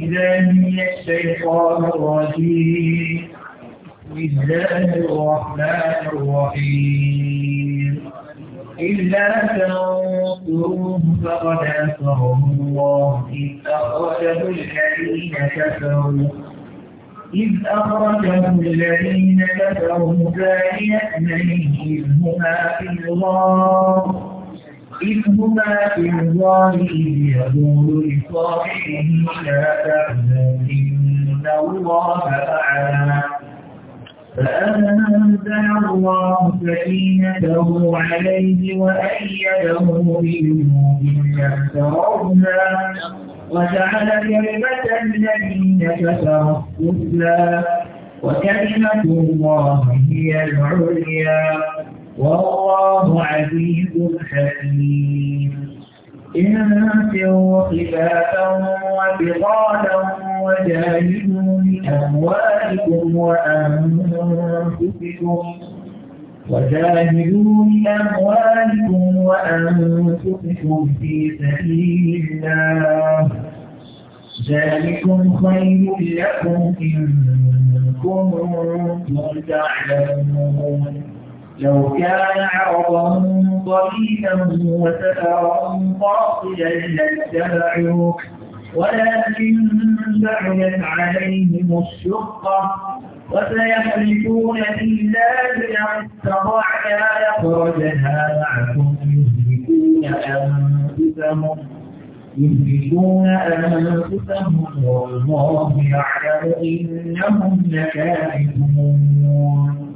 إذا من الشيطان الرجيم بسم الله الرحمن الرحيم إلا تنصروه فقد أنصره الله إذ أخرجه الذين كفروا إذ أخرجه الذين كفروا ثاني اثنين هما في الغار إذ هما في الله يقول لصاحبه لا تحزن إن الله أعلى فأنزل الله سكينته عليه وأيده بالنور لم وجعل كلمة الذين كفروا السفلى وكلمة الله هي العليا والله عزيز حكيم انفروا خلافا وبطالا وجاهدوا بأموالكم وأنفسكم وجاهدوا بأموالكم وأنفسكم في سبيل الله ذلكم خير لكم إن كنتم تعلمون لو كان عرضا قريبا وسفرا قاصدا لاتبعوك ولكن بعدت عليهم الشقة وسيحلفون بالله لو استطعنا لخرجنا معكم يهلكون أنفسهم يهلكون أنفسهم والله يعلم إنهم لكاذبون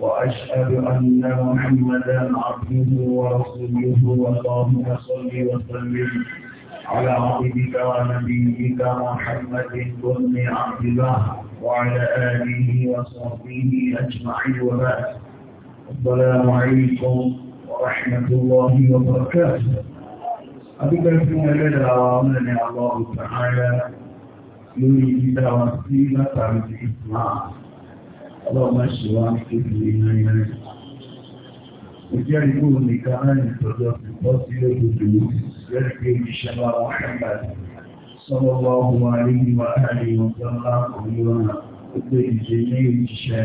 وأشهد أن محمدا عبده ورسوله اللهم صل وسلم على عبدك ونبيك محمد بن عبد الله وعلى آله وصحبه أجمعين وبعد السلام عليكم ورحمة الله وبركاته أبدا في لدى من الله تعالى يريد وسيلة الإسلام ọlọ́run má ṣe wá níbi ìrìnà rẹ̀. Ó jẹ́ ìlú nìkan láì tọ́jọ́ pípọ́ sí lójoojú lẹ́nu pé iṣẹ́ wa wọ́n ṣẹ́gbà sọ́wọ́ wa ó wà nínú wa láàrin ọjọ́ ńlá òmíràn ó gbé ìjẹ ní ìṣẹ́.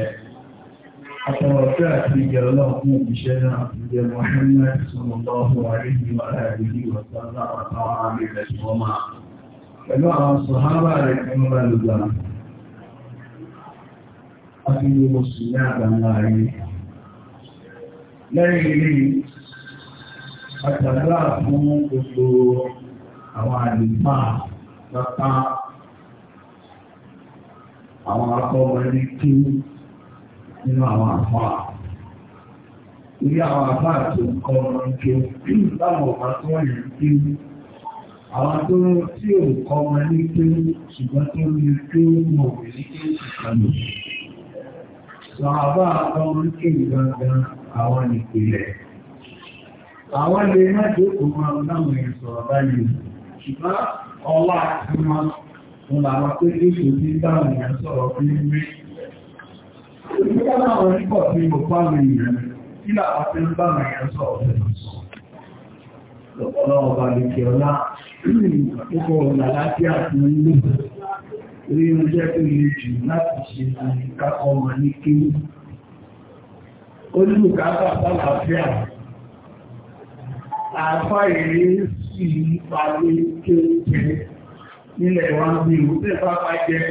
Àtọ̀rọ̀fẹ́ àti ìjẹ ọlọ́run fún ìṣẹ́ náà ti jẹ́ Mohammed sọ́wọ́ wa ó wà nínú wa láàrin ọjọ́ ńlá àtàwọn àmì ìrẹsì wọn máa. Pẹ̀lú àwọn sọ̀hábà rẹ̀ tí wọ́n bá lùgbà. àti mùsùlùmí àgbàmà rí. Lẹ́yìn ilé àtàlá fún gbogbo àwọn àdìpá pátá àwọn akọ́wọ́ ní kí nínú àwọn àfá. Ilé àwọn àfá àti ọkọ̀ ọmọ ìjọ láwọn ọ̀pá tó wọ́n yìí kí àwọn tó tí ò kọ́ ọmọ ní kí ṣùgbọ́n tó ní kí mọ̀ ní kí ìkàlù sọ̀hábà ọmọ kí ìgbàgbà àwọn ìpìlẹ̀. Àwọn lè má jókòó máa ń dáwọn ìsọ̀rọ̀ báyìí, ṣùgbọ́n ọlá àti wọn wọn làwọn pé Jésù ti dáwọn èèyàn sọ̀rọ̀ fún mi. Ìgbẹ́ láwọn nípọ̀ tí mo fáwọn sọ̀rọ̀ orí oúnjẹ tó lè jù láti ṣe ìkákọ́ ọmọ ní kéwú olùkàtà sálàáfíà àfá èrè sí ìpàdé kéwúké nílẹ̀ wọn bí ìwúté pápá jẹ́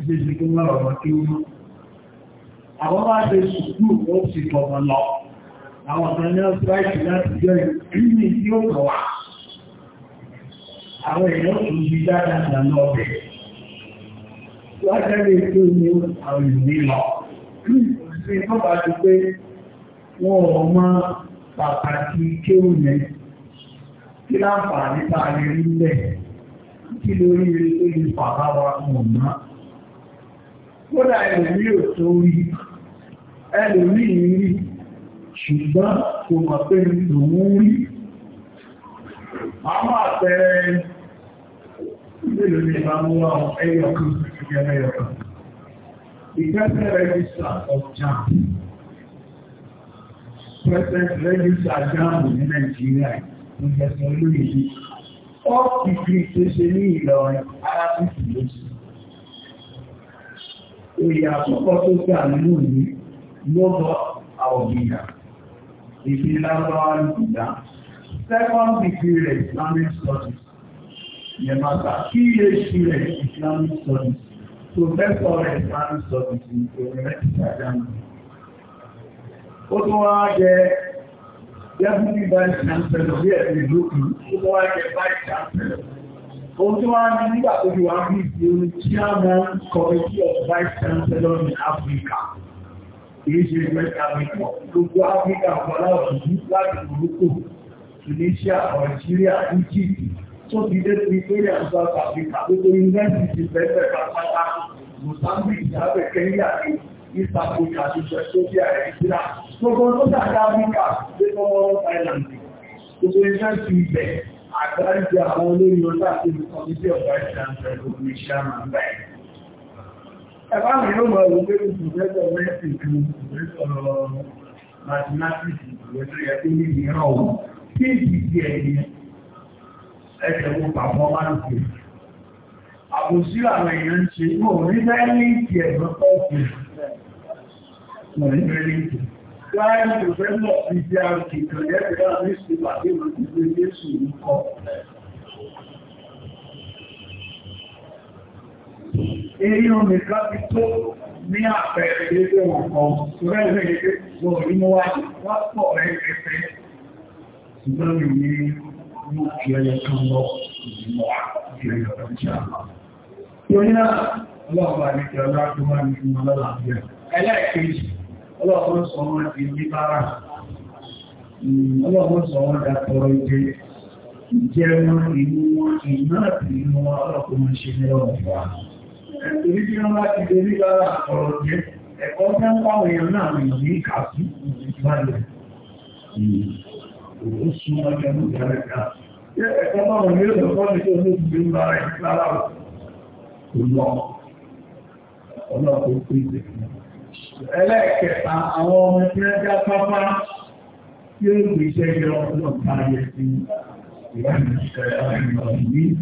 ìṣẹ́sì tó mọ́ ọ̀rọ̀ kéwú àwọn bá ṣe sùkúù ó sì tọ̀mọ̀ lọ àwọn ọ̀tọ̀ ní ọ́síláìsì láti jẹ́ ìrìn tí ó kọ̀ wá àwọn èèyàn tó yí dáadáa lọ́bẹ̀ẹ́ Lájẹ́rí tó ní àwọn ìnílọ. Sí tọ́bà ti pé wọ́n ọmọ pàtàkì kéwù Kí láǹfààní táa rí lẹ̀? Kí lórí rí tó lè wa mọ̀ Kódà ẹ̀rí ò tó rí, ẹlòmí rí, ṣùgbọ́n kò mọ̀ pé lòun rí. Àwọn àpẹẹrẹ ilé ìlú ìbámu wa ẹyọ kan together. The present register of JAM, present register JAM in Nigeria, Professor Louis, all degree tó ṣe ní Ìlọrin Arabic lóṣù. Oyè àkọ́kọ́ tó gbà nínú ní lọ́bọ̀ àwọ̀gbìyà, ìfìlàbọ̀ ìgbìyà. Second degree rẹ̀ Islamic studies, Yemata, PhD rẹ̀ Islamic studies. Professor Islamic Studies ní University of Ghana. Ó tún wá jẹ Deputy Vice Chancellor bí ẹ̀sìn ìlú kan, ó tún wá jẹ Vice Chancellor. Ohun tí wọ́n á ní nígbà tó fi wá bí ìdí orí Chairman Committee of Vice Chancellor in Africa. Kìí ṣe West Africa, gbogbo Africa fọlá ọ̀dùnú láti Morocco, Tunisia, Algeria, Egypt, tó ti dé ti Victoria South Africa tó tó yunifásitì pẹ́pẹ́ pàpàtà Mozambique abẹ́ Kenya ní East Africa ti sọ Ethiopia Nigeria gbogbo tó dàgbà Africa dé tọ́wọ́ Thailand tó tó yunifásitì ibẹ̀ àgbáríjẹ àwọn olórí ọjọ́ àti ìkọ̀mítì ọ̀gá ìṣàǹfẹ̀ lórí iṣẹ́ àmà ń bẹ̀. Ẹ̀bá mi ló mọ̀ ẹ̀rù pé ìpùsẹ̀tọ̀ mẹ́sì kan ìpùsẹ̀tọ̀ mathematics ìpùsẹ̀tọ̀ yẹ ẹ̀kẹ̀ wo pàfọ́mánsì àbòsí àwọn èèyàn ń ṣe mọ̀ ní bẹ́ẹ̀lìntì ẹ̀gbọ́n pọ́ọ̀kì mọ̀ ní bẹ́ẹ̀lìntì láàrín ìfẹ́lọ̀ ìdí àrùkì ìkànlẹ́gbẹ̀rẹ̀ àwọn ìṣẹ́lẹ̀ àti ìrọ̀lẹ́ Jésù ń ti tó ní àpẹẹrẹ ilé wọn kan, rẹ́rẹ́ ilé wọn rí mọ́ wá, pọ̀ rẹ̀ pẹ̀pẹ̀, ṣùgbọ́n mi ní mú fi ẹyẹ kan lọ ìgbìmọ̀ fi ẹyẹ ìlú wọn ìná ìlú wọn ṣe ní ọ̀rọ̀ Ẹlẹ́ẹ̀kẹta àwọn ọmọ ìpínlẹ̀ pápá tí ó gbé iṣẹ́ ìjọ ọdún tààyè sí ìwádìí ìṣẹ̀lẹ̀ àwọn ìlú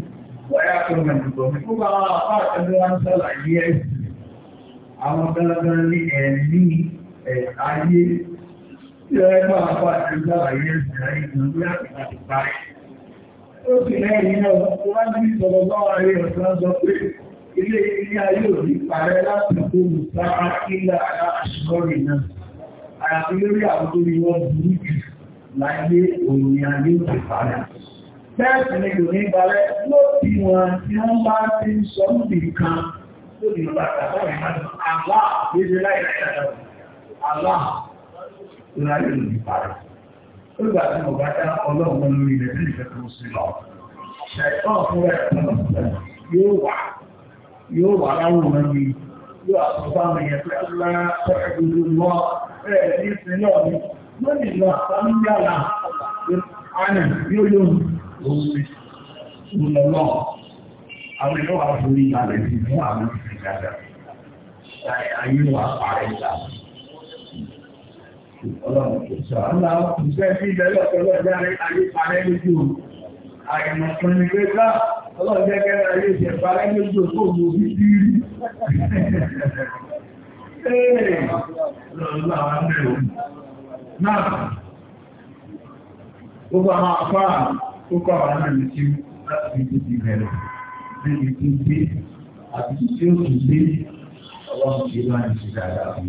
wáyá tó mẹ́jọ ní kó bá apá àtẹ́lẹ́ wá ń sàlàyé ẹ̀sìn àwọn gbẹ́lẹ́gbẹ́ ní ẹ̀mí ayé tí ó ẹgbẹ́ apá àtẹ́lẹ́ ó sì lẹ́yìn náà tó wá ní ìsọ̀rọ̀ lọ́wọ́ ayé ọ̀sán sọ pé ilé ilé ayé ò ní parẹ́ láti kó lùsá akílà aṣọ́rì náà àyàfi lórí àwọn tó ní wọ́n burú jù láyé òní ayé ò ti parẹ́ bẹ́ẹ̀ sì ni kò ní balẹ̀ lóbi wọn tí wọ́n bá ti ń sọ nìkan lóbi wọn bàtà bọ́ọ̀rẹ̀ náà àlá àgbéjẹ́ láì láì láì àlá ìráyè ò ní parẹ́ nígbà tí dá ọlọ́run lórí rẹ̀ ní ìfẹ́ sí lọ. Ṣẹ̀tọ́ fún ẹ̀ yóò wà yóò wà láwọn ọmọ mi yóò àtúbá mi yẹn pé lára pẹ̀lú lọ ẹ̀ ní ìsinlẹ̀ mi lónìí lọ àtàmì yàrá ànà yóò yóò lórí ìlọ́lọ́ àwọn ìlọ́wà fún ìyàlẹ̀ sí fún àwọn ìfẹ́ dáadáa. Ayé Ọlọ́run jẹ́ kẹ́rẹ́ ayé ìṣẹ̀fàrẹ́ lójú òkú òmú bí bí rí. Ẹ̀rẹ̀ lọ́lọ́lọ́ àwọn mẹ́rin. Náà, ó bá máa fáà ó kọ́ àwọn mẹ́rin tí láti ibi ti bẹ̀rẹ̀, ní ibi tí gbé, àti tí ó tún gbé, ọlọ́run ti bá ń ṣe dáadáa fún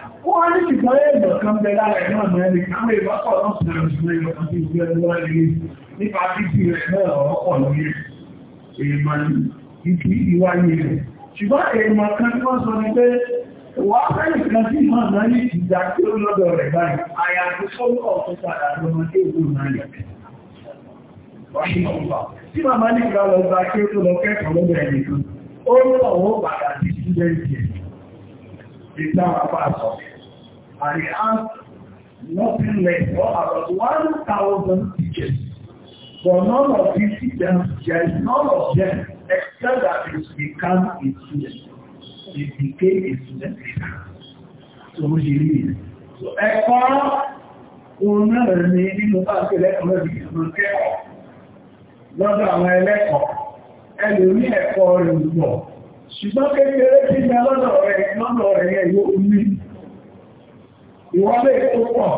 Wọ́n ní ìgbà èèyàn kan bẹ lára ẹ̀ náà mẹ́rin, àwọn èèyàn pọ̀ náà sọ̀rọ̀ ìṣúná ìlú àti ìgbẹ́ ẹ̀lọ́ ẹ̀rí nípa títí rẹ̀ náà ọ̀pọ̀ lórí èèmọ̀ ìkí ìwáyé rẹ̀. Ṣùgbọ́n èèmọ̀ kan tí wọ́n sọ ni pé wà á fẹ́ nìkan tí màá náà ní ìjà tí ó lọ́dọ̀ rẹ̀ báyìí, àyà àti sọ́wọ́ ọ̀tún padà lọ́mọdé òkú náà yẹ̀. Tí màmá ní ìgbà lọ gba kí ó tó lọ kẹ́kọ̀ọ́ lọ́dọ̀ ẹ̀ nìkan, ó ń lọ òun padà sí sílẹ̀ ìjẹ̀. Ìgbà wà pàṣọ and he has nothing left for about 1,000 teachers. But none of these teachers, there is none of them except that he became a student. He became a student leader. So we should read. So ẹ̀kọ́ òun náà ní nínú báńkì lẹ́kọ̀ọ́ lẹ́bí ìlú kẹ́kọ̀ọ́ lọ́dọ̀ àwọn ẹlẹ́kọ̀ọ́ ẹlò ní ẹ̀kọ́ rẹ̀ lọ. Ṣùgbọ́n kékeré tí ní ọlọ́dọ̀ rẹ̀ lọ́dọ̀ rẹ̀ yóò ní ìwọlé tó pọ̀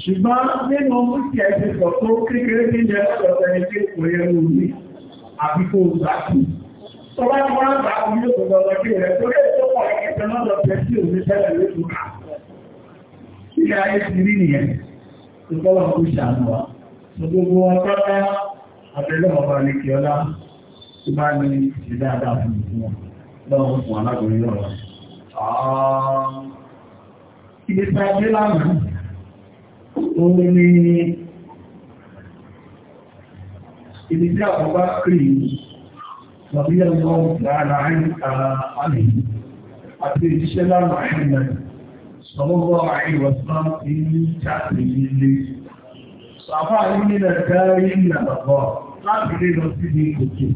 ṣùgbọ́n nínú mútí ẹ̀sẹ̀ pọ̀ tó kékeré ní jẹ́ lọ́dọ̀ ẹni tí kò yẹ ní orí àbí kò gbà sí tó bá wọ́n ń gbà omi òkú lọ́dọ̀ kí rẹ̀ tó lè tó pọ̀ ẹ̀kẹ́kẹ́ lọ́dọ̀ tẹ́ sí òní tẹ́lẹ̀ lóṣù ká ilé ayé ti rí nìyẹn tó kọ́lọ̀ kó ṣàánú wa tó gbogbo wọn tọ́lá abẹ́lẹ́ ọba ní kí ọlá tó bá ní ìdáadáa fún ìfún wọn lọ́wọ́ fún alágbèrè ọ̀rọ̀ ìgbésà ọdún lánàá òun ni ibi tí àkọ́kọ́ kìí tàbí ẹ̀mọ́ láàrín àárín àmì àti ìṣẹ́ lánàá àìmẹ̀ sọlọ́gbọ́ àìwọ̀sán ti ní jáde nílé sàfà nílẹ̀ gáárí ìlànàbọ̀ láti lè lọ sí ní òkè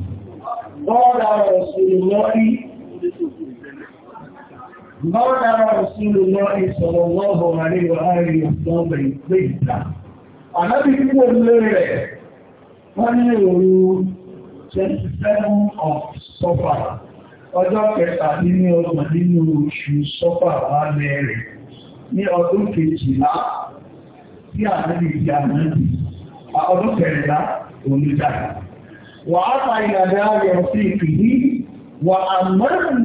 wọ́n dára ọ̀sùn lọ́rí Mọ́nà Rasulullah sallallahu alaihi wa alihi ọ̀sọ́bẹ̀ ìgbé ìta. Ànábì púpọ̀ lórí rẹ̀, wọ́n ní òru 27 of Sọ́fà, ọjọ́ kẹta nínú ọgbà nínú oṣù Sọ́fà wà mẹ́rin ní ọdún kejìlá tí ànábì ti ànábì, ọdún kẹrìnlá olùdá. Wà á ta ìyàdá rẹ̀ sí ìpìlí, wà á mọ́rin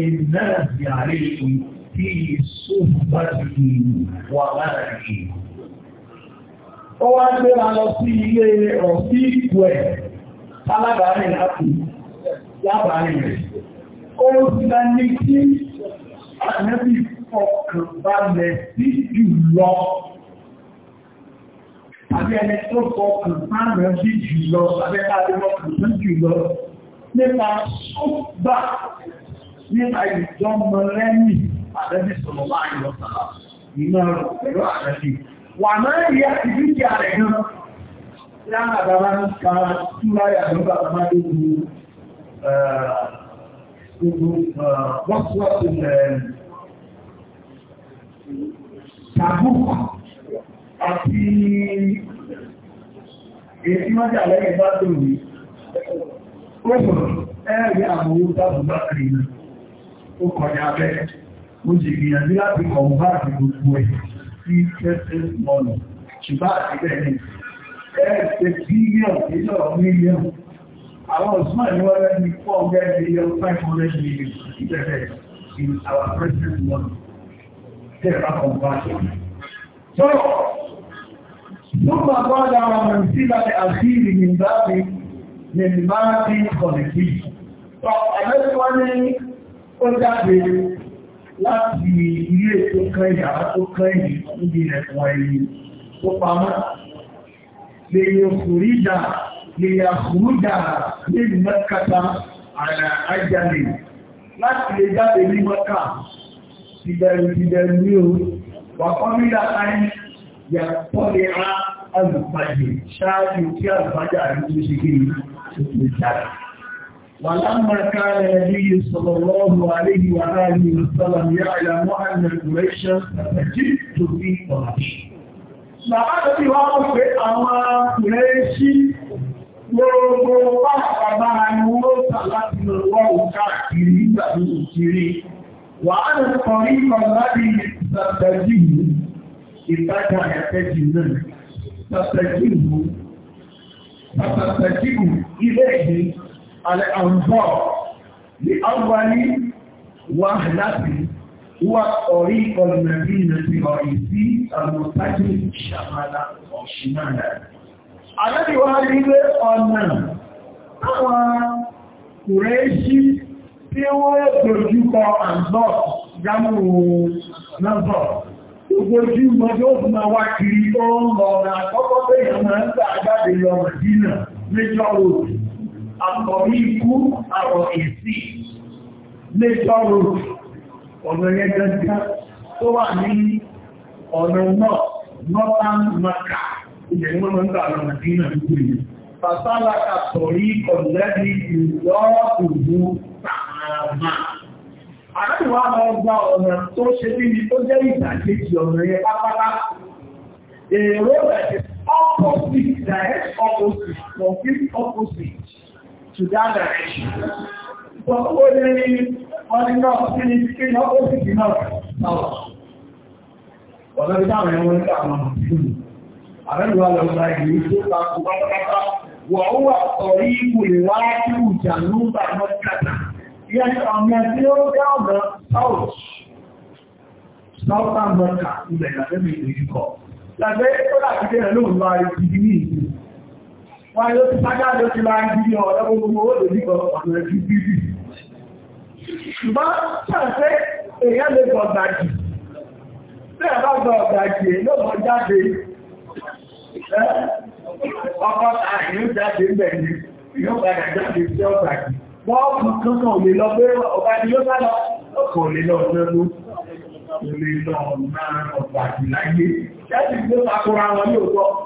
الناس عليهم في صحبته وملكه ó wá gbéra lọ sí ilé ọ̀sí ìpò ẹ̀ alábàárin láti lábàárin rẹ̀ ó ti bá ní kí àmẹ́bí ọkàn balẹ̀ sí jùlọ àbí ẹni tó fọkàn sáàrẹ̀ sí jùlọ àbẹ́ká àbẹ́mọ́kàn sí jùlọ nípa ṣọ́gbà ní àìjọmọ lẹ́yìn àdẹ́bí sọ̀rọ̀ láàrin lọ́sàlá iná pẹ̀lú àdẹ́bí wà náà rí àti dúkìá rẹ̀ gan láàrín àdára ń ka túláyà lọ́gbà bàbá lóru gbogbo wọ́síwọ́sí tàbùkù àti èyí wọ́n jà lẹ́yìn ó sọ̀rọ̀ ẹ̀rí àwọn orúkọ àbúgbà kìí náà ó kọjá abẹ́ mo sì gbìyànjú láti kọ̀m̀bá àti gbogbo ẹ̀ sí tẹ́sẹ̀ mọ́nà ṣùgbọ́n àti bẹ́ẹ̀ ni ẹ̀ẹ́sẹ̀ bílíọ̀n nílọ̀ mílíọ̀n àwọn Osman ní wọ́n rẹ́ni 400 million 500 million ìbẹ̀rẹ̀ in our present money tẹ́ẹ̀bá kọ̀m̀bá àti ثم قال ومن سلة أخير من باب من باب خلقه. طب أنا ó jáde láti ilé tó kán yàrá tó kán yìí níbi ẹ̀kùn ẹ̀yìn tó pamọ́ lè yẹ kùrídà lè yà kùrúdà lè mẹ́kàtà àrà ajalè láti lè jáde ní mọ́kà tìbẹ̀rù tìbẹ̀rù ní o wà kọ́mílà ayé yà pọ́lẹ̀ á alùpàdé ṣáájú kí alùpàdé àríwá ṣe kí ni ó ti jáde. ولما كان النبي صلى الله عليه وآله وسلم يعلم أن قريشا ستجد في قريش Bàbá ti wá mọ̀ pé àwọn Kùrẹ́ṣí gbogbo pàpàbà ni wọ́n tà láti lọ wọ́ òkà kiri nígbà tó kò kiri. Wà á lè kọ ní kọ̀láàdì ìtajà ẹ̀tẹ́jì náà. Tàtàjì ìlú. ilé ìgbé Al-Anfar ní Awali wà láti wà ọ̀rí ọ̀nàbí nàbí ọ̀rí sí àmọ̀tájú ìṣàmàlà ọ̀ṣìmáàlà. Àlẹ́bíwá rí pé ọ̀nà àwọn Kùrẹ́ṣí tí wọ́n gbòjúkọ àǹbọ̀ jámù náà Ogójú mọ́jọ́ fún ma wá kiri ó ń lọ ọ̀nà àkọ́kọ́ pé ìyàmọ̀ ń gbà àjáde lọ Màdínà méjọ́ òòrùn àkọ̀rí ikú àrọ̀ èsì lè sọ́rọ̀ ọ̀nà yẹn gẹ́gẹ́ tó wà ní ọ̀nà náà northern maka ilẹ̀ ní wọ́n gbà lọ nàìjíríà nígbèrè pàtàlàkà sọ̀rí ọ̀lẹ́bí ìlọ́ọ̀kùnrin sàmàmà àríwá ọgbà ọ̀nà tó ṣe bí ní tó jẹ́ ìdàkejì ọ̀nà yẹn pápátá èrò rẹ̀ opposite direct opposite complete opposite to that direction. Hmm. So ó lè rí ọdí náà sí ní kí ní ó sì kí náà náà. Ọ̀nà bí táwọn ẹ̀wọ̀n ń kà wọn sílù. Àbẹ́lúwà lọ gba ìlú tó ta kù pátápátá. Wọ́n ó wà sọ̀rí ipò ìwáájú ìjà ló ń bà mọ́ kàtà. Yẹn ọ̀nà tí ó dá ọ̀nà South. South and Mọ́kà ilẹ̀ ìgbàgbẹ́ mi ìlú yìí kọ̀. Làgbẹ́ ó dàbí kí ẹ̀rọ lọ àìsí ní wọ́n yóò ti sájá ló ti máa ń bí ọ̀rọ̀ gbogbo owó lè nígbọ̀ ọ̀nà ti bí bí. ṣùgbọ́n ṣàṣẹ́ èèyàn lè gbọ̀ gbàjì tí ẹ̀ bá gbọ̀ gbàjì yóò mọ̀ jáde ọkọ̀ àìyàn jáde bẹ̀rẹ̀ yóò padà jáde sí ọ̀gbàjì wọ́n kù kankan ò lè lọ pé ọba ni yóò sálọ ọkọ̀ ò lè lọ ọ̀dọ́dún ò lè lọ ọ̀nà ọ̀gbàjì láyé jáde gbé pàkóra wọn ní òótọ́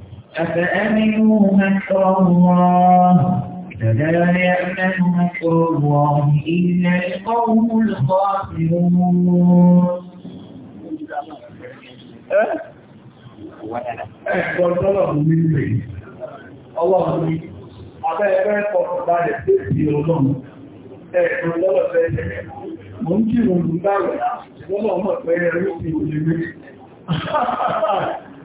أفأمنوا مكر الله فلا يأمن مكر الله إلا القوم الخاسرون Ẹ̀gbọ́n tọ́lọ̀ ní ilé ọlọ́run ní abẹ́ ẹgbẹ́ pọ̀pọ̀lá rẹ̀ tí ìdí ọlọ́run ẹ̀gbọ́n lọ́lọ́ fẹ́ ẹ̀rẹ̀. Mo ń kí ìrùn ìgbàrẹ̀ lọ́lọ́ ọmọ pẹ̀lú ẹ̀rẹ́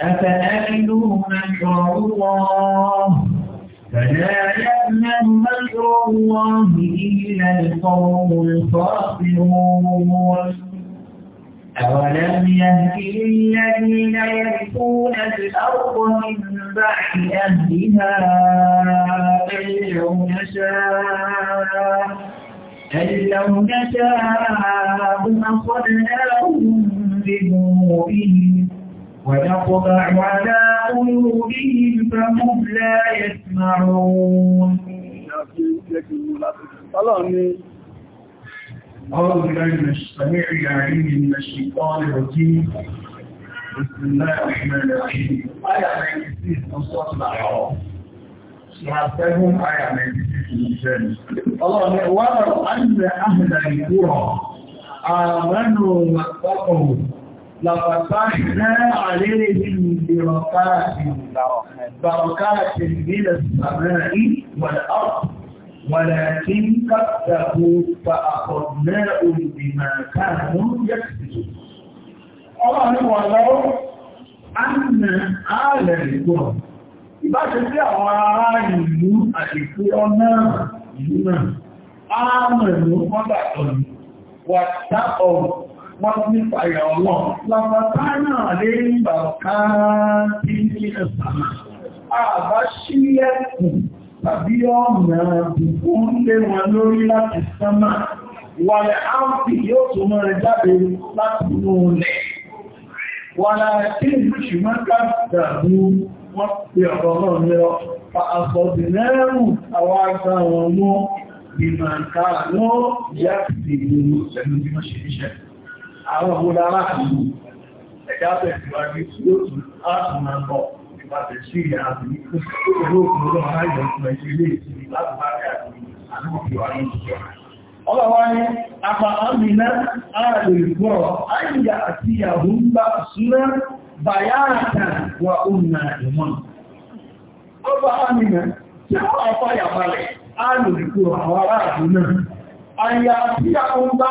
أفأمنوا مكر الله فلا يأمن مكر الله إلا القوم الخاسرون أولم يهدي الذين يرثون الأرض من بعد أهلها أن لو نشاء أن لو نشاء أخذناهم بذنوبهم ونطبع على قلوبهم فهم لا يسمعون أعوذ بالله من السميع العليم من الشيطان الرجيم بسم الله الرحمن الرحيم آية 96 من سورة الأعراف سمعتهم آية 96 الله يقول أن أهل القرى آمنوا واتقوا لفتحنا عليهم بركات بركات من السماء والأرض ولكن كذبوا فأخذناهم بما كانوا يكسبون الله ولو أن آل الكون ìbáṣe sí àwọn ará ìlú àṣìkú ọ̀nà ìlú náà ààmì ìlú wọ́n gbàtọ̀ ní wàtá ọ̀rọ̀ wọ́n ní fàyà ọlọ́run lápàtà náà lè ń bà ká tí ní ẹ̀sàmà àbá sílẹ̀kùn tàbí ọ̀nà àbùkù ń lé wọn lórí láti sánmà wàlẹ̀ áùpì yóò tó mọ́ jáde láti inú ilẹ̀ wàlẹ̀ tí ìlú ṣùgbọ́n káàkiri wọ́n pe ọ̀rọ̀ náà nírọ̀ fa àfọ̀dìnẹ́rù àwọn àgbà wọn mọ́ ìmọ̀ nǹkan àwọn ìyá àwọn ọmọdára ìlú ẹ̀dá tẹ̀síwájú yóò tún láti máa lọ ìpàtẹ̀ ọlọ́wọ́ ni apá àmìnà àrẹ̀lẹ̀gbọ́ àyíyà àti ìyàwó ń bá ṣúná wà òmìnà ìmọ̀ àmìnà tí àrẹ̀lẹ̀gbọ́ náà àti ìyàwó ń bá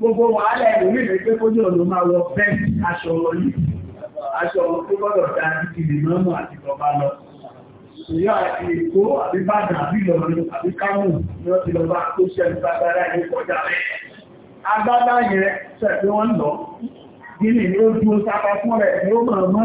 gbogbo wàhálà ìròyìn rẹ̀ pé kójú ọ̀nà máa wọ bẹ́ẹ̀ aṣọ ọ̀rọ̀ yìí aṣọ ọ̀rọ̀ tó gbọ́dọ̀ dá títí lè mọ́mọ́ àti bàbá lọ ìyá àti èkó àbí bàdàn àbí ìlọrin àbí kámù ni wọ́n ti lọ bá tó ṣe ìgbàgbára ìlú kọjá rẹ̀ agbádá yẹn ṣẹ̀ pé wọ́n lọ gíní ni ó dúró sápá fún rẹ̀ ni ó mọ̀ mọ́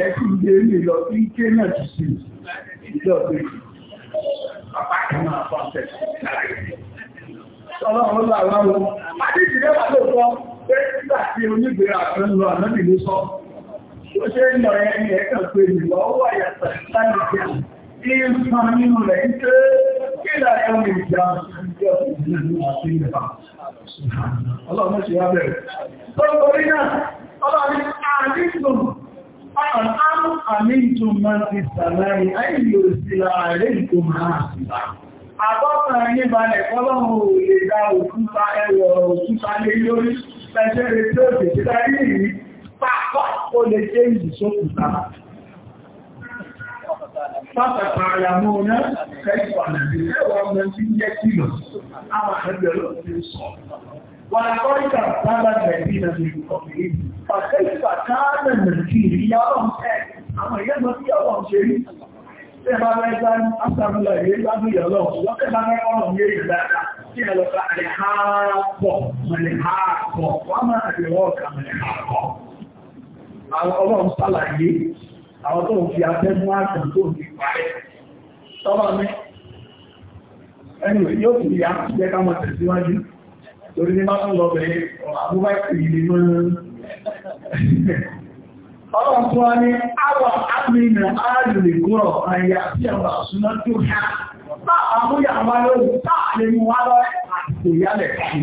lẹ́kùn gbé mi lọ sí kéèyàn ti sí ìjọ pé bàbá kan máa fọ́ ọ̀sẹ̀ ọlọ́run láwọn adéjì lẹ́wà ló sọ pé nígbà tí onígbèrè àtúnú lọ ànábì ló sọ ó ṣe ń lọ ẹni ẹ̀kà pé ìlọ wà yàtọ̀ sáyẹ̀kẹ́ ìyẹn sàn nínú rẹ̀ ń pé kí láyọ̀ lè jà ìjọ ìlú àti ìrẹ̀bà ọlọ́run ṣe wá bẹ̀rẹ̀ Àrùn àmìntò máa ti sàlàyé, àìlì òsìlà ààrẹ ìkò máa sílá. Àbọ́kà yí balẹ̀ kọ́lọ́run ò lè dá òkúta ẹwọ̀ òkúta lé lórí, pẹ̀ṣẹ́ rẹ̀ tí ó ti ti dárí ìrí, pàpọ̀ ó lè jẹ́ ìdìsókùta. Pàtàkì àyàmú ọ̀nà kẹ́ ولقد كذب الذين من قبلهم فكيف كان النكير يا رب àwọn ìyẹ́ mọ́ sí ọ̀rọ̀ ṣeré tí ẹ bá mẹ́ta ásàmìlà ìrẹ́ lábí ìyọ̀lọ́ lọ́kẹ́ bá mẹ́ta ọ̀rọ̀ ní èrè dáadáa tí ẹ lọ́ta àlèháàpọ̀ mẹ́lẹ̀háàpọ̀ wọ́n máa àdìrọ̀ ọ̀kà mẹ́lẹ̀háàpọ̀ àwọn ọlọ́run sálàyé àwọn tó ń fi atẹ́mú àtàn tó ń fi parẹ́ tọ́lọ́ ní ẹni yóò fi yá jẹ́ ká mọ̀ tẹ̀síwájú torí ní máa ń lọ bẹ̀rẹ̀ àbúbá ìpìlì mọ́ ọlọ́run tó wá ní àwọ̀ àmìnà ààrùn ìgbọ́rọ̀ àyà sí àwọn àṣúná tó ṣá táà àmúyà wá lórí táà lè mú wá lọ àti ìyálẹ̀ sí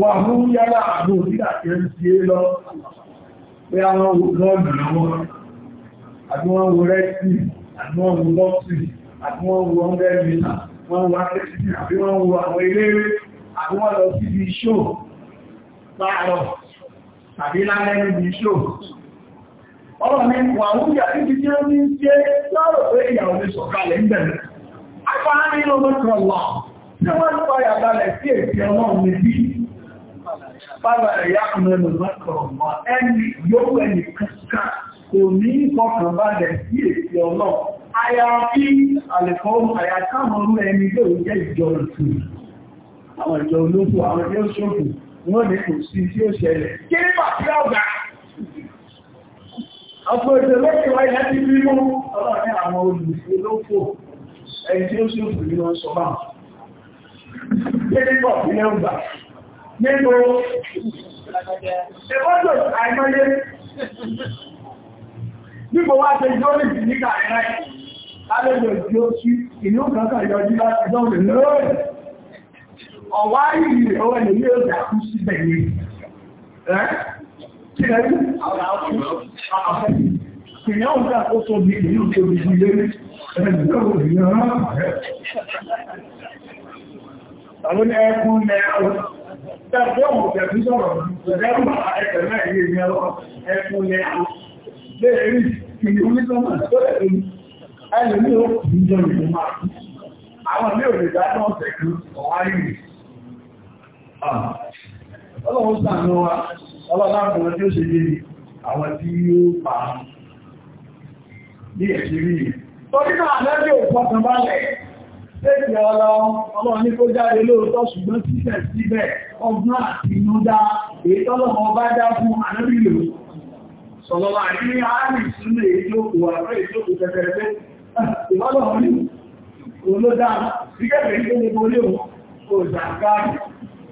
wà mú yára àbò nígbà tí ó ń ṣe é lọ pé àwọn lọ́ọ̀dù lọ́wọ́ àti wọ́n wo rẹ́sì àti wọ́n wo bọ́ọ̀sì àti wọ́n wo ọ́ndẹ́mìnà wọ́n wá rẹ́sì àti wọ́n wo àwọn eléré àbí wọ́n lọ sí ibi ṣó láàárọ̀ tàbí lálẹ́ níbi ṣó ọ̀rọ̀ ni wà ń yà níbi tí ó ní ṣe lọ́rọ̀ pé ìyàwó ní sọ̀kalẹ̀ ń bẹ̀rẹ̀ apá nínú mẹ́kàn tí wọ́n ń fàyà balẹ̀ sí sí èsì ọlọ́run àwọn ìjọ olóòfò àwọn ìjọ ṣòfò wọ́n ní kò sí tí ó ṣẹlẹ̀ kí ní pàtí ọ̀gá ọ̀pọ̀ èdè lókè wáyé láti bí mú ọlọ́rin àwọn olùfòlófò ẹni tí ó ṣòfò ní wọn sọ máa kí ní pàtí ọ̀gá nínú ẹgbọ́dọ̀ àìmọ́lé nígbò wá ṣe jọ́lì nígbà ẹ̀rẹ́ alẹ́gbẹ̀ẹ́ tí ó sí ìlú kankan yọjú láti dọ́rin lóòrùn ọ̀wá yìí rẹ̀ ọwọ́ ẹ̀lẹ̀ ní ọjà kú síbẹ̀ ní ẹ́ kí ẹ rí àwọn afẹ́ ìyá òun dà kó tó di ìlú tó di ilé ẹ̀ẹ́dẹ́gbẹ̀rún ìyá rẹ̀ àwọn ní ẹkùn lẹ́rọ tẹ́gbẹ́ ọmọ ìjẹ̀bí sọ̀rọ̀ ẹ̀rọ ẹ̀kẹ̀rẹ̀ ìyé ní ẹkùn lẹ́rọ lè rí ìlú onígbọ́nà tó rẹ̀ ẹ̀rù ẹ̀rù ní ó kìí jọ ìlú máa àwọn ilé òrìdá náà tẹ̀kú ọ̀wárí Ọlọ́run sàánú wa, ọlọ́láàbùn tí ó ṣe yé àwọn tí ó pa ní ẹ̀ṣìrí. Torí náà lẹ́bí òpọ̀tàn balẹ̀, ní kó jáde lóòótọ́ ṣùgbọ́n síbẹ̀ síbẹ̀ ọgbọ́n àti inúdá èyí tọ́lọ́run bá ní àárín ah, kò wà fẹ́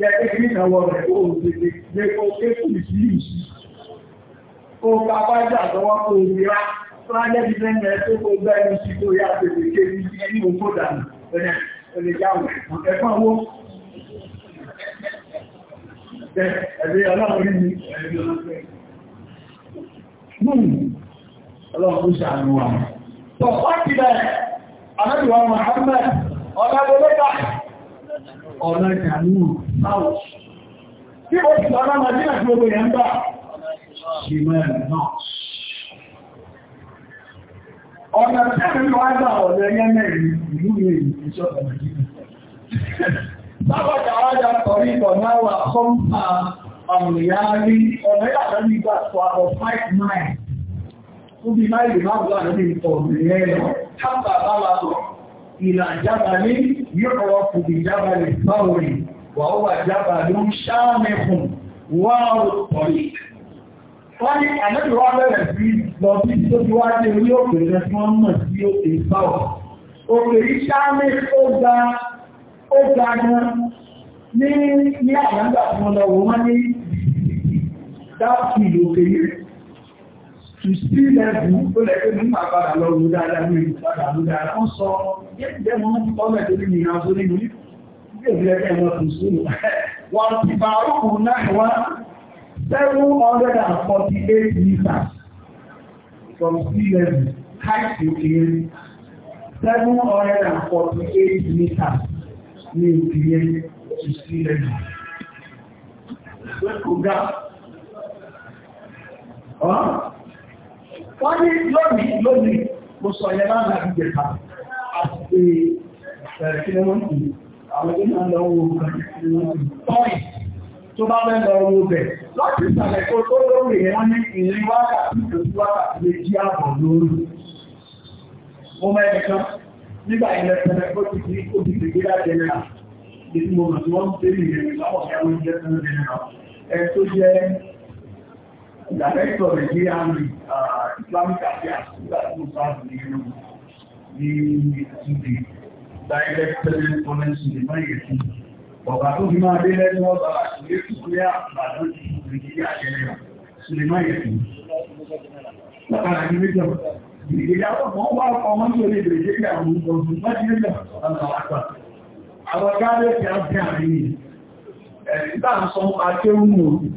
jẹ́ kékeré kan wọ rẹ̀ ó tètè gbé kó kékù sí ìṣí. Ó ká bá jà tọwọ́ kó rí rá, ránjẹ́ ti fẹ́ mẹ́ tó kó gbẹ́ ní sí tó yá tètè ké ní ẹni òkú dànù ẹ̀rẹ̀ ẹ̀lẹ̀ jáwẹ̀ ẹ̀fọ́n owó. Ẹ̀bí ọlọ́run ní ọlọ́run ṣàánú wa. Tọ̀pọ̀ ti bẹ̀rẹ̀, àmẹ́bìwọ̀n Muhammad, ọ̀dọ́ ọ̀nà ìdàmú báwọ̀. Tí ó ti bára máa díẹ̀ tí ogun yẹn bá ṣe mẹ́rin náà. Ọ̀nà tẹ́rin lọ ágbà ọ̀nà ẹyẹ mẹ́rin ìlú mẹ́rin ìṣọ́gbà Nàìjíríà. Sábàtà wájá kọ̀rí ìbọ̀ náà wà kọ́mpà àmìyàrí ọ̀nà ìyàtọ̀ nígbà tó àbọ̀ 5 miles. máa gbà lórí ìtọ̀ ìrẹ́ tábà bá wà lọ, ìlàjábà ní يعرف بجبل الثور وهو جبل شامخ واو الطريق wọ́n ní àlẹ́bí wá bẹ̀rẹ̀ sí lọ sí tó ti wá dé orí òkè rẹ̀ tí wọ́n mọ̀ sí òkè sáwọ̀ òkè yìí sáàmì ó ga ó ga gan ní ní àwọn àgbà tí wọ́n lọ wọ́n ní dáàbì òkè yìí to see lẹ́bù tó lẹ́gbẹ́ mú àpàdà lọ wò dáadáa ní ìpàdà ló dáadáa wọ́n sọ jẹ́ mọ́ ọmọ ẹ̀dẹ́ ní ìrìn àzó nínú ìgbẹ̀rẹ̀ ẹ̀rọ tó sólò wọ́n ti bá ọkùnrin náà wá 748 meters from sea level height òkèèrè 748 meters ní òkèèrè to sea level. Wẹ́n kò ga. Ọ́ wọ́n ní lónìí lónìí mo sọ yẹn láàrín àbíjẹta àti ẹ̀rẹ̀ kí wọ́n kì í àwọn ilé náà lọ wo pọ́ìn tó bá fẹ́ lọ wo bẹ̀ láti ìsàlẹ̀ kó tó lórí ẹ̀ wọ́n ní ìrìn wákàtí tó tí wákàtí lè jí àbọ̀ lórí mo mọ ẹni kan nígbà ilẹ̀ pẹ̀lẹ́ ó ti di ó ti dègbé láti ẹ̀rẹ́ àti mo mọ̀ tí wọ́n ń tẹ́lẹ̀ ìrìn lọ́wọ́ ẹ̀rọ ìjẹ́ director of Nigerian uh, Islamic Affairs that was out in the TV. Direct president comments in the Mayeti. Ọ̀gá tó fi máa dé lẹ́nu ọba àṣìlẹ́ ìpínlẹ̀ àbàdàn ti Nàìjíríà jẹrẹ Suleiman Yẹ̀kú. Látara ní méjọ, Nàìjíríà wọ́n wá ọkọ̀ ọmọ tí ó lè bèrè jẹ́kẹ́ àwọn ọdún láti méjọ ọ̀nà àgbà. Àwọn gáàlẹ́ ti á bí àárín ẹ̀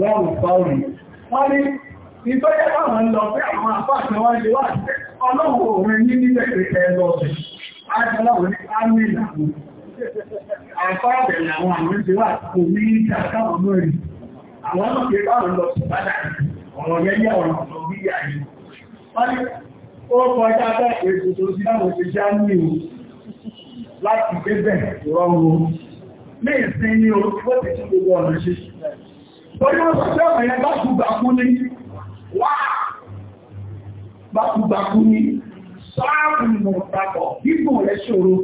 lọ́rùn fáwọn wọ́n ní ìtọ́jẹ́ láwọn lọ pé àwọn àpáàkì wọ́n lè wà ọlọ́run òun ní nílẹ̀ pé ẹlọ́ọ̀sì aláwọ̀ ní àmìnà àpáàbẹ̀ làwọn àwọn ti wà kò ní ìjà káwọn mọ́rin àwọn ọmọ pé báwọn lọ sí padà ọ̀rọ̀ yẹ́yẹ́ ọ̀rọ̀ ọ̀rọ̀ bíyà yìí wọ́n ní ó kọjá bẹ́ẹ̀ ètò tó sí láwọn ti já ní o láti gbé bẹ́ẹ̀ rọrùn ní ìsinmi o ó ti tún gbogbo ọ̀nà ṣe Torí wọ́n sọ pé ọmọ yẹn bá gbùgbà kú ní, wà bá gbùgbà kú ní, sáàbù mọ̀ papọ̀, bíbù rẹ̀ ṣòro.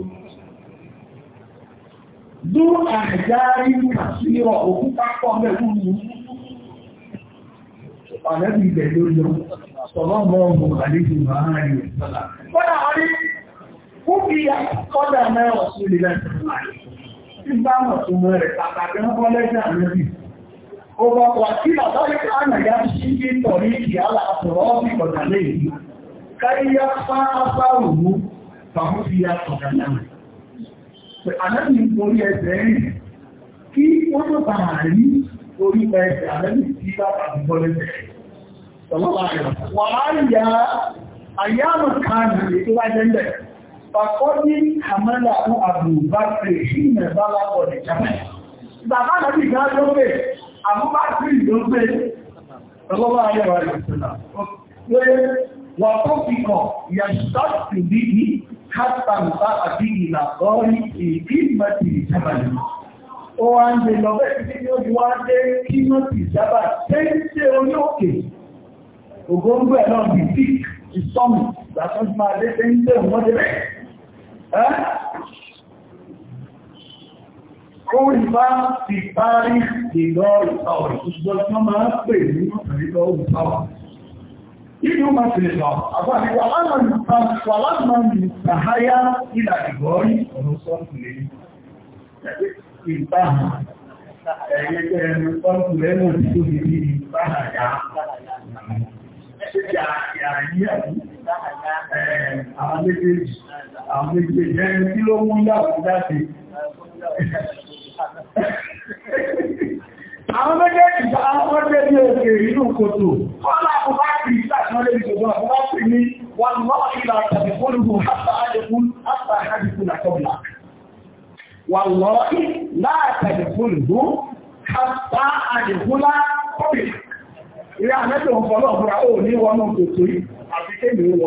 Dú àjárí kàṣírọ̀ òkúta pọ̀ mẹ́rù mú. Àlẹ́bí ibẹ̀ ló yọ, sọ̀rọ̀ mọ́ ọmọ àlejò máa ń rí ìsọ́lá. Kọ́dà wọ́n ní, kú kí kọ́dà mẹ́rọ̀ sí ilẹ̀ ìgbà mọ̀ tó mọ́ rẹ̀ pàtàkì ń bọ́ lẹ́jà mẹ́rin. Ọba wàkílà dáríkà ànàyà sí ní tọ̀rí kì á láàpùrọ̀ ọ̀pìkọ̀tàlẹ̀ ìlú. Káyíyá fáfá òwú fàún fi ya tọ̀gànàmà. Àlẹ́bì orí ẹsẹ̀ rìn kí wọ́n tó bá rí orí ẹsẹ̀ àlẹ́bì tí bá àbúgbọ́ lẹ́sẹ̀. Wàhálìyà àyàmù kan nìyí tó wá jẹ́ Fàkọ́dí àmàlà fún àbùbá pè sí ìmẹ̀bá lápọ̀ nìjàmẹ̀. Bàbá náà ti gbá lókè àbúbákìrì ló gbé ọlọ́wọ́ ayẹ́wà ìrìnà pé wọ́n tó fi kàn yàtọ́tù bí i kátàǹtà àbí ìlàgọ́rí èdè mẹ́tì ìjábàlì ó wá ń lè lọ́wọ́ ìdí ní ojú wá dé kí mẹ́tì ìjábà tẹ́ńtẹ́ orí òkè ògóńgbò ẹ̀ náà bí tík ìsọ́mù ìgbà tó máa dé tẹ́ńtẹ́ òmọ́dé bẹ́ẹ̀ Ó rí bá ti parí ìlọ ìpàwọ̀ ìṣùgbọ́n tí wọ́n máa ń pè ní ìlọ ìpàwọ̀. Inú máa ti lọ, àbáríwá aláàmàmì ìtàháyá ìlà ìgbọ́rí ọ̀rọ̀ sọ́ọ̀tù lè ní. Ìtàhà, ẹ̀yẹ́gẹ́ ẹni sọ́ọ̀tù lẹ́nu tó fi bí ìtàháyá. Àwọn méjèèjì, àwọn méjèèjì ẹni tí ló mú yàwó jáde. Àwọn méjèèjì bá wọ́n jẹ́ ní òkè inú kòtò, kọ́lá kò bá kìí sàtúnlé ìṣògbọ́n àwọn bá pè ní wọn lọ́wọ́ ìlà àtàbí fólùgbò hátà àjẹkún hátà àjẹkún àtọ́bìlà. Wọ́n lọ́wọ́ láàtàbí fólùgbò hátà àjẹkún látọ́bìlà. Ìrẹ́ àmẹ́tò ń fọ́lọ́ ọ̀fọ́ra ó ní wọnú kòtò yìí, àti kéèmì ó lọ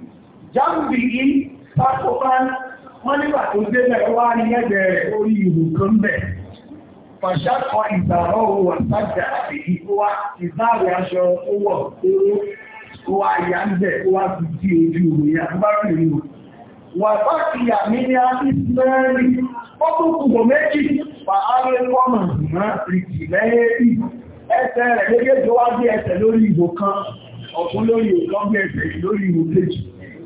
jáàmùbì yìí pápọ́pá wọ́n nígbà tó débẹ̀ wá ní ẹgbẹ̀ orí ìlú kan bẹ̀ pàṣákọ̀ ìgbàrọ̀ wà sájà èyí tó wá ìzáàrẹ̀ aṣọ ó wọ̀ tó wá ìyá ń bẹ̀ tó wá fi tí ojú ìròyìn àgbára ìlú wà bá ti yà mí ní ábísílẹ́rì méjì pàálẹ́ kọ́nà náà rìkì lẹ́yẹ́rì ẹsẹ̀ rẹ̀ méjèèjì wá bí ẹsẹ̀ lórí ìbò kan ọ̀tún lórí ìlọ́gbẹ̀ẹ́sẹ̀ lórí ìbò kejì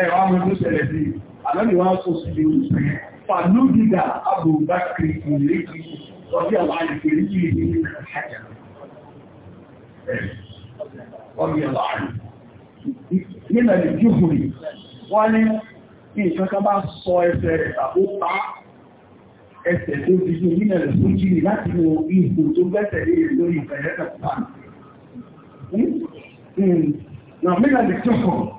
ẹ̀wà mẹ́rin ṣẹlẹ̀ sí àlọ́lẹ̀ wọ́n kò sí lè wùsù fàlúgìdà àbòbákì ìrìnkì ọdí àwọn àìfèrí yìí ní ìrìnkàṣà ọdí àwọn àìfèrí nílẹ̀ lè jùhùrì wọ́n ní nǹkan kan bá sọ ẹsẹ̀ rẹ̀ tàbí pa ẹsẹ̀ tó fi jù lè tó gbẹ́sẹ̀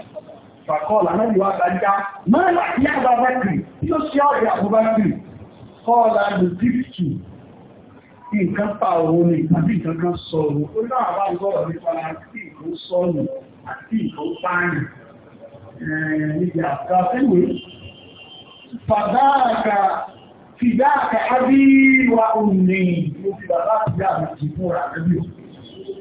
fàkọ́ọ̀lá náà yóò àbájá mọ́lá yá àbábákì tí ó ṣe ọ̀rẹ́ àbúbákì kọ́ọ̀lá lè dìkì nǹkan pa òun ni àbí nǹkan kan sọ̀rọ̀ ó náà bá ń gọ́rọ̀ nípa àti ìkó sọ́nù àti ìkó pààyàn níbi àgbà fẹ́wẹ̀ fàdáàkà fìdáàkà ábí wa òun ni mo fi bàbá àti ìyá mi ti fúnra ẹbí òun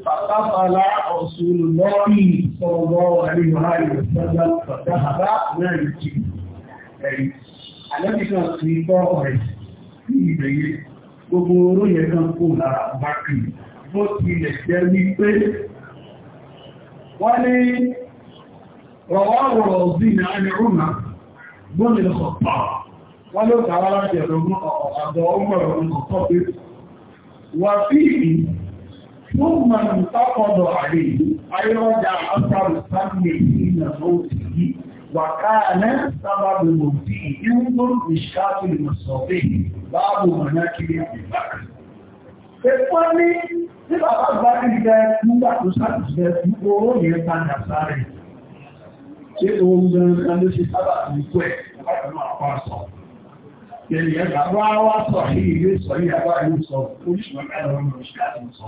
فقفل رسول الله صلى الله عليه وآله وسلم فذهب ناجي Àlẹ́bí kan sí bọ́ ọ̀rẹ́ sí ìbẹ̀yẹ gbogbo oró yẹ kan kó lára bákì bó tilẹ̀ jẹ́ wípé wọ́n ní rọ̀wọ́rọ̀ sí ní àìrùnà gbónìlẹ̀ ọ̀pá wọ́n ló kàwàrá jẹ̀rọ̀ ọ̀dọ̀ ọmọ ọ̀rọ̀ ọ̀pọ̀ pé wà fíìmì ثم انتقض عليه أيرجع أثر الفم حين موته وكان سبب موته ينظر مشكاة المصابيح باب مناكب أبي بكر Ẹ̀fọ́ ní tí bàbá bá ń jẹ nígbà tó ṣàtúnṣe fún oró yẹn padà sáré. Ṣé òun gan-an ló ṣe sábà ní pẹ́ láti máa pa lẹ́yìn ẹgbà wá wá sọ ní ilé sọ ní àbá ìlú sọ oríṣìíwọ̀n mẹ́rin ọmọ òṣìṣẹ́ àti sọ.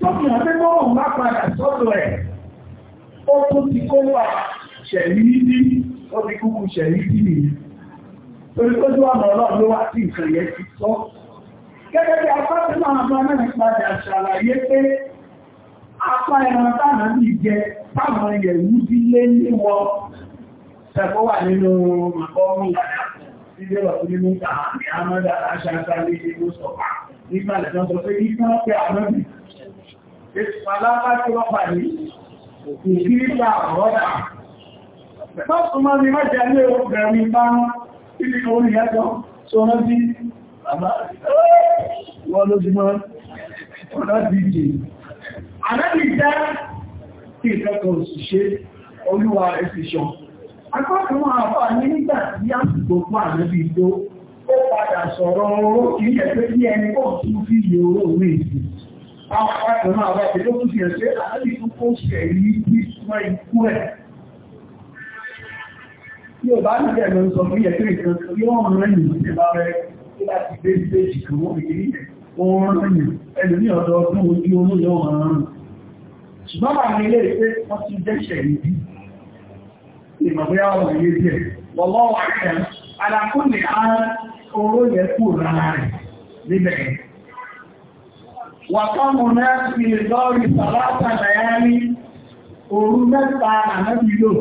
Tọ́kì àtẹ́gbọ́ òun bá padà sọ́dọ̀ ẹ̀, ó tún ti kó wà ṣẹ̀rí ní ó ti kúkú ṣẹ̀rí sí ni. Torí tó dúwà mọ̀ ọlọ́run ló wá sí nǹkan yẹn ti sọ. Gẹ́gẹ́ bí apá tí máa bá mẹ́rin padà ṣàlàyé pé apá ẹran táwọn ìjẹ táwọn ẹ̀yẹ̀wú sílé ní wọn tẹ́kọ́ wà nínú mọ̀kọ́mù sílé ọ̀tún nínú tààmì àmọ́dá aṣáṣá lé ṣe sọ̀pá nígbà lẹ́jọ́ sọ pé ìfẹ́ ọ̀pẹ́ àmọ́bì ìpàlápá tí wọ́n pà ní ìgbìyà ọ̀rọ̀dà Ìfọ́sùnmọ́ ni má jẹ́ ní obìnrin bá ń kí ni orí ẹjọ́ tó rán sí àmá wọ́n ló ti mọ́ ọ̀dọ́ dìde. Àdábì jẹ́ kí ìfẹ́kọ̀ọ́ sì ṣe olúwa ẹ̀sìṣọ́. Akọ́kùnrin àpá ní nígbà tí a sì tó fún àmẹ́bí tó, ó padà sọ̀rọ̀ oró kìí yẹ̀ pé ẹni kò tún fi yẹ oró orí ìsìn. Akọ́kùnrin àpá tí ó tún fi ẹ̀ pé àmẹ́bí tó kó ṣẹ̀rí wọ́n ikú ẹ̀. Tí ò bá ní ẹ̀ sọ fún yẹ pé ìkan tí ó ń rẹ̀ yìí ti bá láti gbé stéèjì kan wọ́n fi kìí ó ń ní ọ̀dọ̀ ọdún ojú olóyọ̀ ọ̀run. Ṣùgbọ́n bàmí ilé ìpé wọ́n ti jẹ́ ṣẹ̀rí bíi ìmọ̀bíyà ọ̀rọ̀ yé díẹ̀. Bọ̀bọ̀ wà kẹ́ alákùnlé á oró yẹ kú rárá rẹ̀ níbẹ̀. Wàkọ́mù náà fi lọ́rí sàlátà dàyárí òru mẹ́ta ànábì lò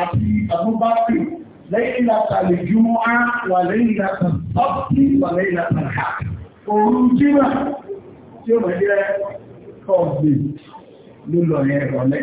àti àbúbáfì lẹ́yìn ìlàtà lè jùmọ́ á wà lẹ́yìn ìlàtà tọ́pì wà lẹ́yìn ha. Òru jímà tí ó mọ̀ jẹ́ kọ́ọ̀gbìn ló lọ yẹn rọ̀lẹ́.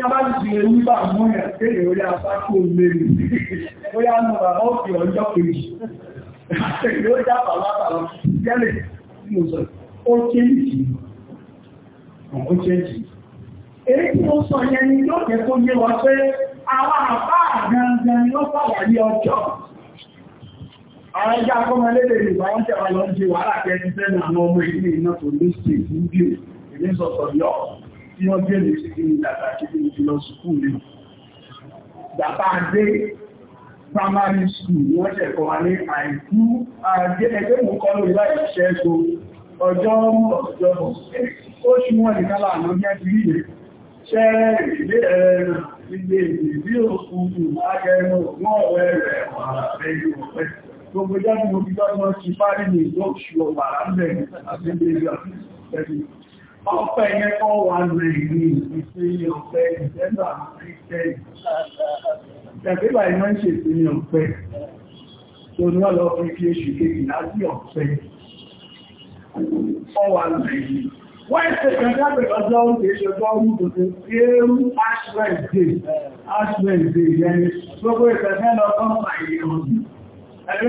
Kábájì lè ní bá mọ́ ẹ̀ kéèrè orí apákò lèrè, ó yá nù bàbá ó fi ọjọ́ kejì. Ìlú ó jápa látàlọ, gẹ́lẹ̀ tí mo sọ, ó chéǹjì. Ó chéǹjì. Èyí tí mo sọ yẹn ni yóò jẹ́ kó yé pé àwọn àbá àgbàǹgbà ń ṣe wàhálà kẹ́ ti sẹ́nu àwọn ọmọ ìlú iná tó lé sí ìlú bí tí wọ́n bẹ̀rẹ̀ sí kí ní dàgbà kí ní ti lọ sùkúù ní dàbà dé primary school wọ́n tẹ̀kọ́ wa ní àìkú ẹgbẹ́ mú kọ́ lórí láì ṣẹ́gbó ọjọ́ ọjọ́ oṣù wọn ní kálà àmọ́ ní ẹgbẹ́ ìyẹ ṣẹ́ ilé ẹ̀rọ ilé ìbí òkúrù agẹrun ọgbọ́n ọ̀rẹ́ rẹ̀ wà lẹ́yìn ọ̀pẹ́ gbogbo jẹ́ ọ̀pẹ́ yẹn kọ́ wà lórí ní ọ̀pẹ́ ìjẹ́lá kírísítẹ́lì. Ìjàgbébà iná ń ṣe sí ní ọ̀pẹ́ tó ní ọ̀lọ́ fún Wọ́n ṣe kẹta pẹ̀lú ọjọ́ oúnjẹ ìṣẹ́jọ́ oúnjẹ tó ti eérú Ashwell Day. Ashwell Day yẹn gbogbo ìfẹ́fẹ́ lọ fún àyè ọdún. Ẹlú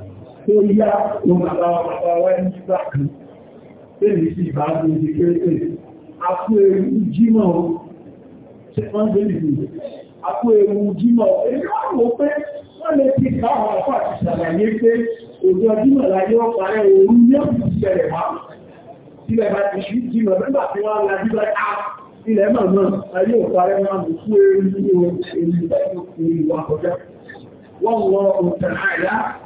tó yá ohun àbáwọn àbáwọn ẹni gbà kan tẹ́lì sí ìbáàbò ìdí kérékèrè àpò ewu jímọ̀ ṣe wọ́n bèèrè ìlú àpò ewu jímọ̀ èyí wọ́n mọ̀ pé wọ́n lè ti ká àwọn àpá àti ṣàlàyé pé òjò jímọ̀ láyé ọ̀parẹ́ òru ní ọ̀pọ̀ ìṣẹ̀lẹ̀ wá sílẹ̀ bá ti ṣú jímọ̀ nígbà tí wọ́n lajú bá ká ilẹ̀ náà náà ayé ọ̀parẹ́ wọn mú fún ewu ní ohun èlú ìwà kọjá wọ́n wọ́n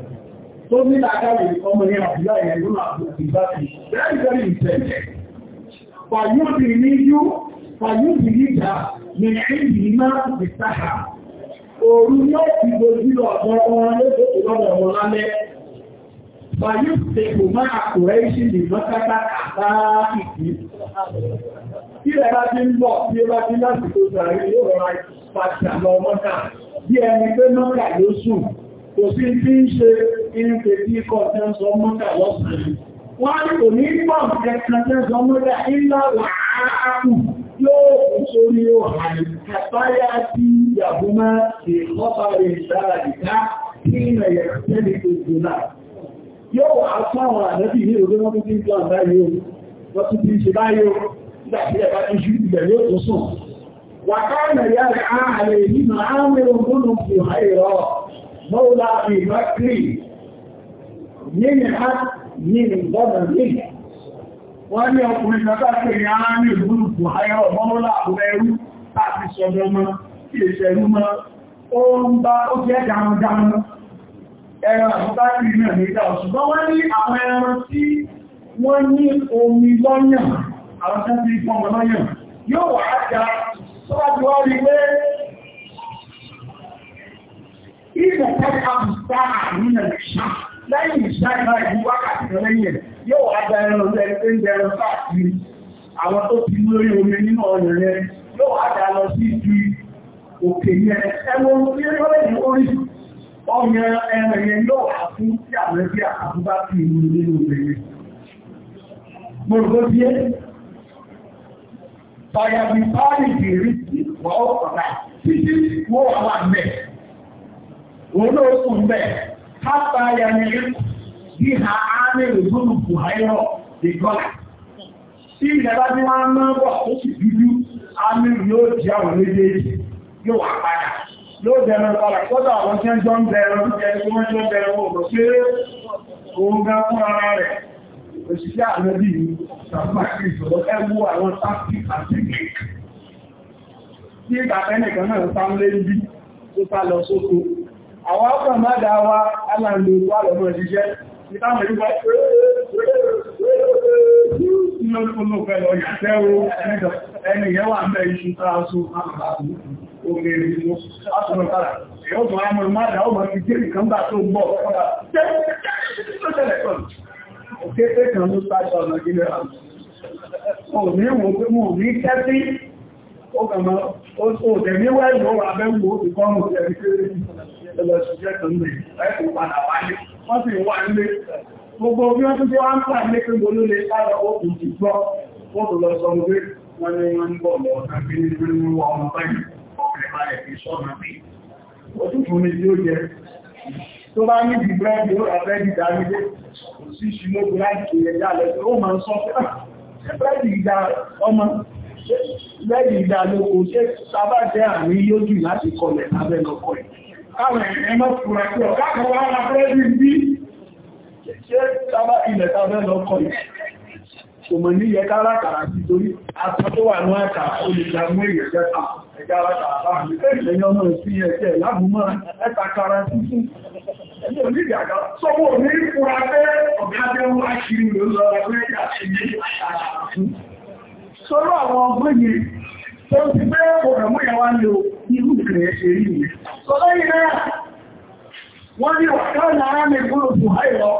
tó ní àdáwì ọmọ ní àbúlá ìyẹn ló àbúgbàtí very very intelligent fàyúbì ní yú fàyúbì níta ní ẹ̀yìn má ti sáà òru yóò ti gbojú ọ̀dọ́ wọn lóṣèlú lọ́dọ̀ wọn lálẹ́ fàyúbì tẹ̀kù máa kòrẹ́ ìṣì lè mọ́kátá àbá ìsì Tí ẹ bá ti ń bọ̀ tí ẹ bá ti láti tó sàárè yóò rọra pàtàkì ọmọ náà bí ẹni pé mọ́kà ló sùn kò sí tí ń ṣe ìrìnkè tí ikọ̀ tẹ́ ń sọ mọ́dà lọ́sàn-án wọ́n ní kò ní pọ̀ kẹta tẹ́ ń sọ mọ́dà ilá wàákù yóò kún sórí òhàrí kàbáyá tí ìyàbó máa ṣe lọ́pàá rẹ̀ ìdára ìdá tí ìrìnà yẹ̀kẹ́lẹ̀ tó jùlá yóò wà fáwọn àdẹ́bì ní òwe wọ́n tún ti ń tọ́ àbáyé o wọ́n tún ti ń ṣe báyé o nígbà tí ẹ̀bá ti ṣú ìbẹ̀ yóò tún sùn wà káàmẹ̀ yára ààrẹ nínú àwọn èrò gbónú fi hàn مولى أبي بكر منحت من بدنه wọ́n ní ọkùnrin kàtàkì ní ara ní ìgbúrù buhari ọmọlá àbúrẹ́rú láti sọ́dọ̀ ọmọ tí ìṣẹ̀lú mọ́ ó ń bá ó jẹ́ dáadáa ẹran àbúkárí náà ní ìdá ọ̀ṣùgbọ́n wọ́n ní àwọn ẹran tí ìmọ̀ tẹ́lẹ̀ àbùsá àrínà ìṣá lẹ́yìn ìṣá ìmọ̀ ìlú wákàtí lẹ́yìn ẹ̀ yóò wá bẹ̀rẹ̀ lọ lẹ́yìn tó ń bẹ̀rẹ̀ káàkiri àwọn tó ti lórí omi nínú ọ̀nà rẹ̀ yóò wá dá lọ sí ibi òkè yẹn ẹwọ́n tí ó lẹ́yìn orí ọmọ ẹran yẹn yóò wá fún sí àwọn ẹbí àkàbúbá sí ìlú nínú obìnrin. Mo rò ó bíé. Fàyàbí báyìí kì í rí sí wọ́n ọ̀pọ̀ náà títí wọ́n wà wà mẹ́ẹ̀ òun náà kù ń bẹ̀ kápá ya ní bí ha á ní ìròdúnù buhairo ìgọ́lá tí ìjọba tí wọ́n ná bọ̀ ó sì dúdú amíru yóò di àwọn méjèèjì yóò wà padà yóò dẹnu padà kọ́dọ̀ àwọn tí wọ́n jọ ń bẹ̀rẹ̀ oúnjẹ tí wọ́n jọ ń bẹ̀rẹ̀ wọn lọ sí òun gan fún ara rẹ̀ òṣìṣẹ́ àlọ́bí yìí sàfàkì ìṣòro ẹwú àwọn táàkì àti ìgbẹ̀kì tí ìgbà tẹ́nìkan náà sá lé níbi tó sá lọ sóko àwọn ọkọ̀ máa dá wa aláàlú wà lọ́mọ ìṣiṣẹ́ ìtàwọn ìgbà Èyí tó àmọ̀ ìmáàdà ọmọ ti jẹ́ ìkàmbà tó gbọ́ ọ̀pọ̀lá. Tẹ́lẹ̀ tẹ́lẹ̀ kan. Òkété kan ló sáàtọ̀ ọ̀nà gílẹ̀ àwọn. Òní wò pé mú ní kẹ́sí, ó kàmọ́, ó tẹ̀míwẹ́ ìwọ̀n àbẹ́wò ìkọ́mù ẹ̀rí kéré ẹlọ gbogbo bí wọ́n tún tí wọ́n ń pà ní pé gbogbo lè sára okùn ti gbọ́ wọ́n tó lọ sọ pé wọ́n ní wọ́n ń bọ̀ lọ tàbí ní wọ́n wọ́n ọmọ báyìí ọkùnrin balẹ̀ fi sọ́nà pé ó tún mi tí ó jẹ tó bá ní ti bẹ́ẹ̀dì ó rafẹ́ káwọn èèyàn mọ́ fúra pé ọ̀gá kan wá ra búrẹ́dì bí ṣe sábà ilẹ̀ tàbẹ́ lọ́kọ̀ yìí kò mọ̀ ní yẹ káràkàrà sí torí aṣọ tó wà ní àkàrà ó lè dá mú èèyàn jẹta ẹ̀gá àkàrà bá mi lẹ́yìn ọmọ sí ẹ̀kẹ́ lábùmọ́ ẹ̀ta kára títí ẹ̀yìn onídìí àkàrà sọ́wọ́ ní fúra pé ọ̀gá jẹ́ wá kiri ló lọ rẹ̀ pé àṣìyẹ́ àṣà tó ti pé ọ̀rọ̀mú ìyàwó ni o irú ìkìrẹ̀ ṣe rí ni sọ lẹ́yìn náà wọ́n ní ọ̀ká náà ní gbúrò tó háìlọ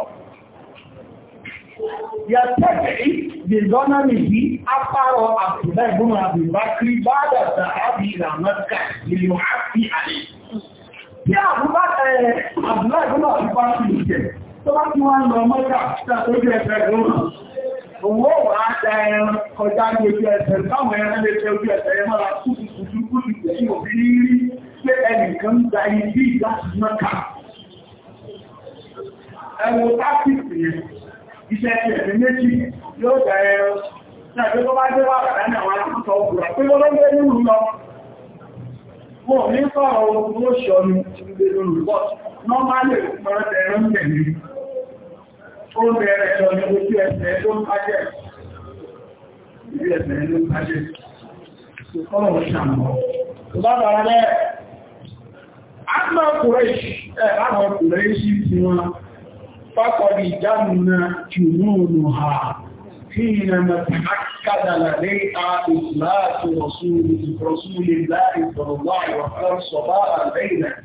yàtẹ́kì dìzọ́nà nìbí apárọ̀ àpùdá ìgbóhùn àbìbákiri bá dàtà àbí ìlànàkà ìlú àti àlè tí àbúbá àbúrà ìgbóhùn àbìbákiri jẹ tó bá tí wọ́n Owó wà á da ẹran kọjá ní ojú ẹsẹ̀ táwọn ẹran lè fẹ́ ojú ẹsẹ̀ yẹn mọ́ra tútù tútù kúrì tí ò fi rí pé ẹnìkan gba ibi láti mọ́ka. Ẹwọ tákìtì yẹn, iṣẹ́ ti ẹ̀mí méjì yóò da ẹran. Ní àjọ tó bá dé wà bàdá ní àwọn alákọ̀ọ́ òkúra pé wọ́n ló ń gbé nínú lọ. Mo ní sọ̀rọ̀ ogun ó ṣọ́ ni ti gbé lórí bọ́ọ̀tù. Nọ́málì òkú ó bẹ̀rẹ̀ jọ ní ojú ẹsẹ̀ ló ń pàjẹ́ ìrí ẹsẹ̀ ló ń pàjẹ́ ìkọ́rọ̀ ṣàmọ́ tó bá bàrá rẹ̀ àmà kùrẹ́ṣì tí wọ́n pápọ̀dì ìjámùnà jùmúnù ha fi na mẹ́tàkádàlà lé àìsìláàtì rọ̀súlè láì sọ̀rọ̀lá ìwọ̀n sọ̀bá àlẹ́ ìrẹ̀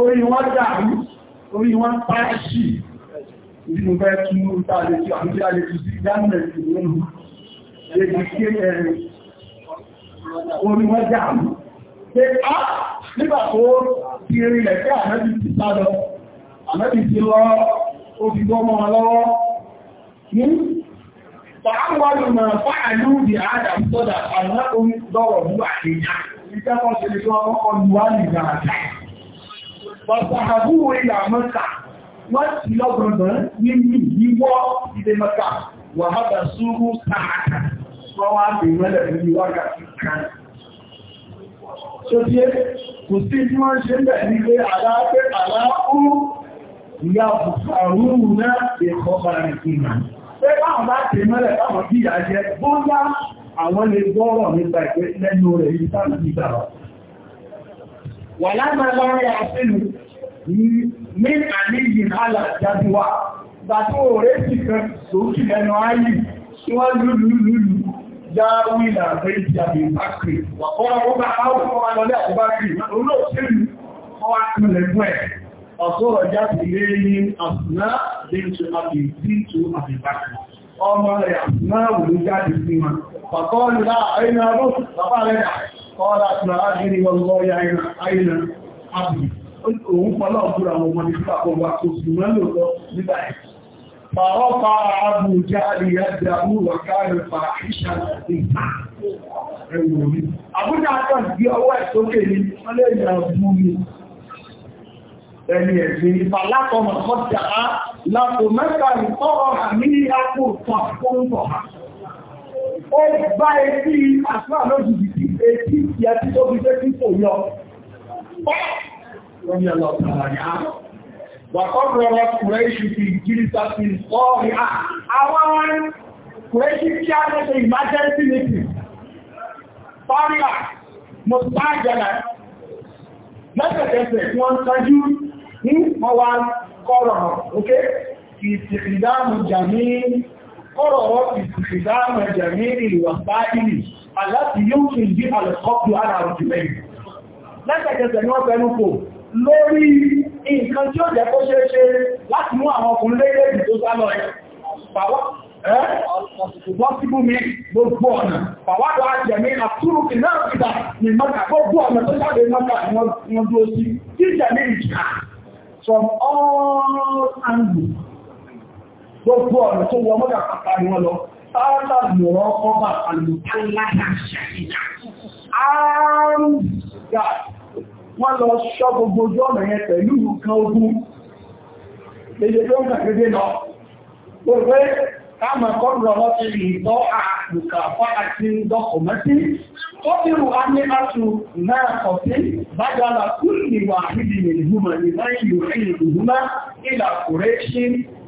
orí wọ́n dàrú orí wọ́n pàṣì ìdínú bẹ́ tún ní ìta àlejò àti àlejò sí gánmẹ̀tì nínú lèdì kí ẹ̀rẹ̀ orí wọ́n dàrú pé á nígbà tó ti rí rẹ̀ pé àmẹ́bì ti sádọ àmẹ́bì ti lọ ó fi gbọ́ mọ́ lọ́wọ́ Fàáwọ́lù máa fáàlú bí àádà sọ́dà àwọn orí dọ́rọ̀ bú àdéjá. Ìjẹ́kọ́ ṣe lè tó ọkọ̀ lùwálì dáadáa. Wàtàhàbúwò ilà Mẹ́kà, wọ́n ti lọ́gbọ̀ngbọ̀n nínú ìwọ́ ìdè Mẹ́kà, wàhábà súrú sàákà, wọ́n wá bí mẹ́lẹ̀ nínú wákàtí kan. Ṣoṣe, kò sí tí wọ́n ṣe bẹ̀ ní pé àlàáfẹ́ àlàáfú ìyá bùkàrúrù náà ẹ̀kọ́ bára ìgbìmọ̀. Pé báwọn bá tè mẹ́lẹ̀ báwọn bí ìyá jẹ, bóyá àwọn lè gbọ́rọ̀ nípa ìpẹ́ lẹ́nu rẹ̀ yìí sáà nígbà rọ̀ wà lábẹ́ lọ́rẹ́ àṣínú ní àníyì hálà jáduwà bàtí òré ti kan sókè ẹnu ayì tí wọ́n lúlúlúlú jáwí ìlànà ìjàbí bákìrì wà kọ́ ọmọ bá áwọ̀ kọ́ wá lọ́lẹ́ àkọ́bákìrì olóòṣèlú wọ́n wá kúnlẹ̀ fún ẹ̀ ọ̀sọ́rọ̀ jáde lé ní àṣìná díntu àbí díntu àbí bákìrì ọmọ rẹ̀ àṣìná wùlú jáde sí kọ́lá tí a gírí wọn lọ ya àìnà àbì òun pọ̀lá ọ̀gbùra àwọn ọmọdé tí àpọ̀ wà tó sì mẹ́lò lọ nígbà ẹ̀ pàrọ́ pa àbù jáde yàjá múwà káàrẹ̀ pa ìṣà ẹ̀wọ̀n mi àbújá àjọ ìgbé ọwọ́ ẹ̀ sókè ní ó bá etí àṣà lójìdì tí etí ti àti tó fi tẹ́tí fò yọ. Wọ́n yẹ lọ tààrà yá. Wàkọ́bọ̀rọ̀ Kùrẹ́ṣì ti jíríta ti sọ́ọ̀rì à. Àwọn Kùrẹ́ṣì kí á lọ́sẹ̀ emergency meeting. Sọ́ọ̀rì à, mo bá jẹ́lẹ̀. Lẹ́sẹ̀kẹsẹ̀ wọ́n tajú ní ọwá kọ́rọ̀ kọ́rọ̀ ọ̀pì ìdáàmà jẹ̀mìnì ìwà báyìí aláti yóò fi jí alẹ́kọ́pù ara òjò mẹ́rin. lẹ́sẹ̀kẹsẹ̀ ni wọ́n fẹ́nu kò lórí nǹkan tí ó jẹ́ kó ṣe ṣe láti mú àwọn ọkùnrin lẹ́gbẹ̀ẹ́dì tó sá lọ Bọ́síbú mi gbogbo ọ̀nà, pàwádọ́ àjẹ̀mí àtúrùkì náà ìdá ní mọ́ta gbogbo ọ̀nà tó jáde mọ́ta ni wọ́n dúró sí, jíjẹ̀mí ìjìká from all angles gbogbo ọ̀nà tó wọ mọ́dà pàtà ni wọ́n lọ sáàtà mọ̀rọ̀ ọba àlùkálàdà ṣàríyà àárín wọ́n lọ ṣọ́ gbogbo ojú ọ̀nà yẹn pẹ̀lú nǹkan ogun lèdè tó ń kàkéde lọ gbogbo káàmà kọ́rọ̀ lọ sí ìtọ́ àlùkà fún àti dọ́kọ̀mọ́tì ó bírù a ní láti náà kọ̀tí bájára kúrò níwà níbi ìrìnhúmọ̀ nígbà ìlú ìrìnhúmọ̀ ìlà kùrẹ́ṣin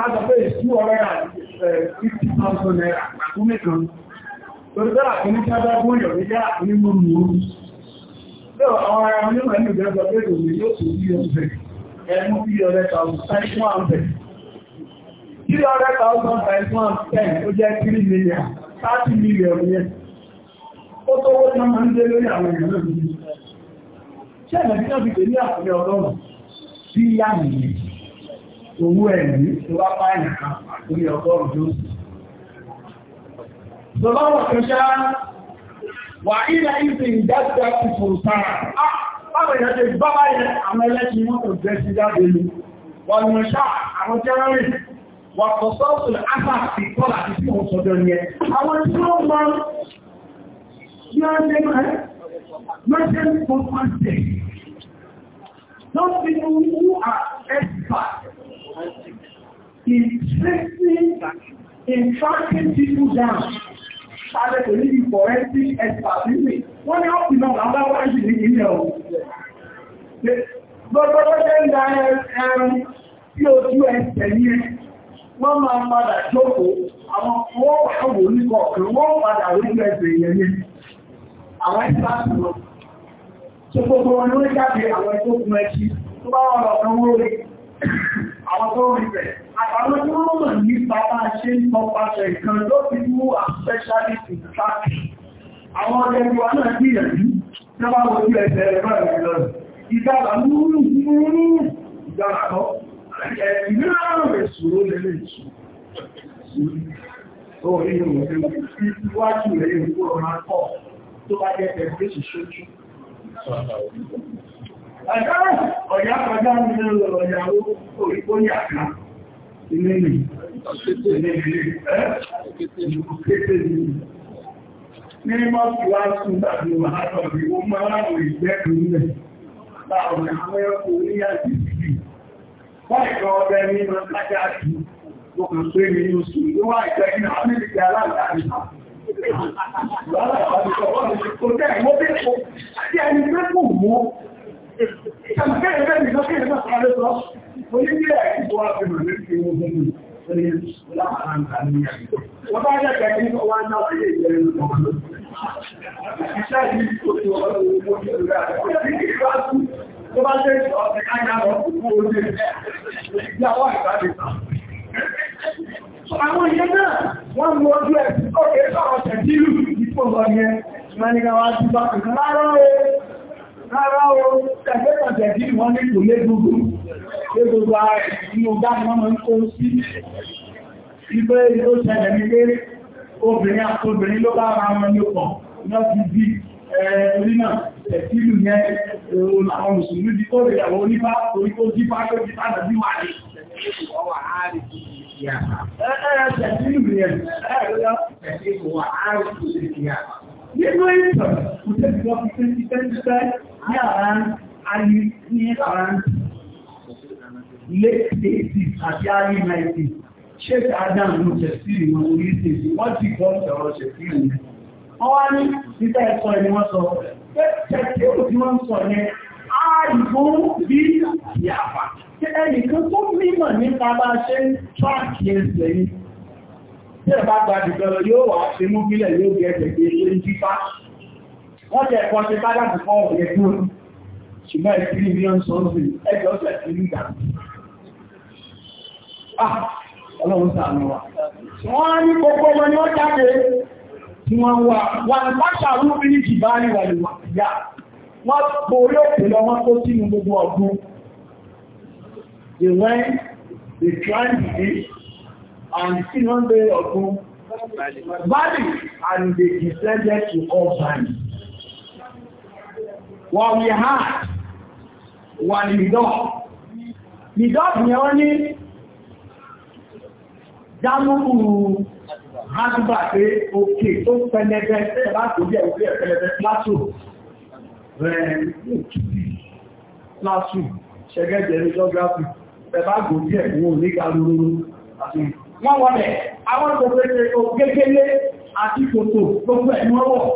kájọ eh, kí ní ṣájá fún ìyọ̀ ní jẹ́ àkúnímọ̀ mú orú tó àwọn ará onímọ̀ ní ìjọba pé kò ní yóò tó bí ọ̀fẹ́ ẹmú bí ọ̀rẹ́ 1,000 Tí ọ̀rẹ́ 1,000 ó jẹ́ 3 million, owó ẹ̀mí tó bá pààyàn kan àkórí ọgọ́rùn tó sì. Lọ́lọ́wọ̀ tó ṣá wà ilẹ̀ ìsẹ̀ ìdájọ́ ti fò sára. Báwo yẹn ti bá báyẹn àwọn ẹlẹ́sìn wọn kò jẹ́ sí jáde lu. Wọ́n yàn ṣá àwọn jẹ́rẹ́rìn. Wà kọ̀ sọ́ọ̀sì àṣà ti kọ́ láti sí òun sọ́dọ̀ yẹn. Àwọn tí wọ́n mọ tí wọ́n lé mọ́ ẹ́ mẹ́sẹ̀ ń kó pàṣẹ. Those people who are experts is placing, in tracking people down. Ṣáàlẹ̀ kò ní bí forensic expert nílé. Wọ́n ní ọ́pì náà lábá wá sí ní ilẹ̀ o. Gbogbo ṣe ń da ẹran tí ó tú ẹsẹ̀ ní ẹ. Wọ́n máa padà jókòó, àwọn wọ́n wà wò ní kọ̀ọ̀kan, wọ́n padà lójú ẹsẹ̀ ìyẹn ní. Àwọn ẹgbẹ́ àti lọ. Ṣé gbogbo wọn ni wọ́n jáde àwọn ẹgbẹ́ òkun ẹṣin tó bá wọn lọ kan wọ́n rí àwọn tó rí bẹ̀. Àtàwọn tí wọ́n mọ̀ ní bàbá ṣe ń tọ́ pàṣẹ ìkan ló fi mú specialist in fact. Àwọn ọjọ́gbọ́ náà gbìyànjú tí wọ́n wọ́n ojú ẹ̀sẹ̀ ẹ̀rọ ìlọ. Ìdára múrú múrú ìdára kọ́. Ẹ̀mí láàrùn rẹ̀ sòrò lẹ́lẹ̀ ìṣù. Ó rí ìrùn ìwájú rẹ̀ ìrùn kúrò máa pọ̀ tó bá jẹ́ ọ̀yá kọjá ní ọ̀yàwó òrìkó ní àkà ilé mi ní mọ́sí wá sún tàbí wà látọ̀bí ó ya ní àti wọ́n ìkan tó èmi ní oṣù Tó bá jẹ́ ọ̀sẹ̀ káyà lọ fún orí ìyàwó ìgbàdìta. Àwọn ìyẹn náà wọ́n mú ojú ẹ̀ ọ̀kẹ́ sọ̀rọ̀ tẹ̀sílù ìpòlọ̀ yẹn, mẹ́rin àwọn àti bá kìí lára rẹ̀ rárá o tẹ̀fẹ́kọ̀tẹ̀ kí wọ́n ní kò lé gbogbo lé gbogbo ààrẹ inú dámọ́ mọ́ ń kó sí ibẹ́ ìlú ṣẹlẹ̀ ní pé obìnrin àtobìnrin bá ara wọn ní ọkọ̀ náà ti di ẹ̀rí náà ẹ̀sílù yẹn àwọn mùsùlùmí di kóòrè àwọn onífà orí kó jífà tó ti padà bí wà ní ọwà ààrẹ ẹ̀ẹ́rẹ́ ẹ̀sílù yẹn ẹ̀ẹ́rẹ́ ẹ̀sílù wà ààrẹ Nínú ìtàn, kò tẹ́ ti wọ́n fi tí tẹ́ ti tẹ́ ní àrán ayé ní àrán late 80s àti ayé 90s. Ṣé Adam ló jẹ sí ìwọ̀n orí ìsèjì? Wọ́n ti gbọ́ ìṣọ̀rọ̀ ṣe sí ìwọ̀n. Wọ́n wá ní títẹ́ ẹ̀kọ́ ẹni wọ́n sọ. Tẹ́tẹ́ ó ti wọ́n sọ yẹn, àìbó bí ìyàpá. Ẹnìkan tó mímọ̀ nípa bá ṣe ń tíráàkì ẹsẹ̀ yìí tí ẹ̀bá gba jùgbọ́rọ̀ yóò wà ṣe mú bílẹ̀ yóò gẹ́ ẹgbẹ̀gbẹ̀ lórí fífá wọ́n jẹ́ ẹ̀kọ́ ṣe kádàbù fún ọ̀rẹ́ tó ṣùgbọ́n ẹ̀kiri mílíọ̀n sọ́ọ̀sì ẹjọ́ ṣẹ̀ sí ní ìgbà ọlọ́run sàánú wa wọ́n ní gbogbo ọmọ ni wọ́n jáde tí wọ́n wà wà látàrú bí ní jìbárí wà lè wà yá wọ́n borí òkè lọ wọ́n tó sínú gbogbo ọdún They went, they climbed the hill, and 300 of them Bali and they descended to all valid. What we had wà ní midop. Midop ni wọ́n ní jámúkú hátùbà pé òkè tó pẹlẹbẹ láti That's ẹ̀wọ̀n Check plátò rẹ̀ plátò ṣẹgẹ́jẹ̀ ní geography ẹ̀bá gòdí ẹ̀wọ̀n onígbàlúrú àti ìpínlẹ̀ wọ́n wọ́n rẹ̀ àwọn òpèrè ògégélé àti kòtò gbogbo ẹ̀mí ọwọ́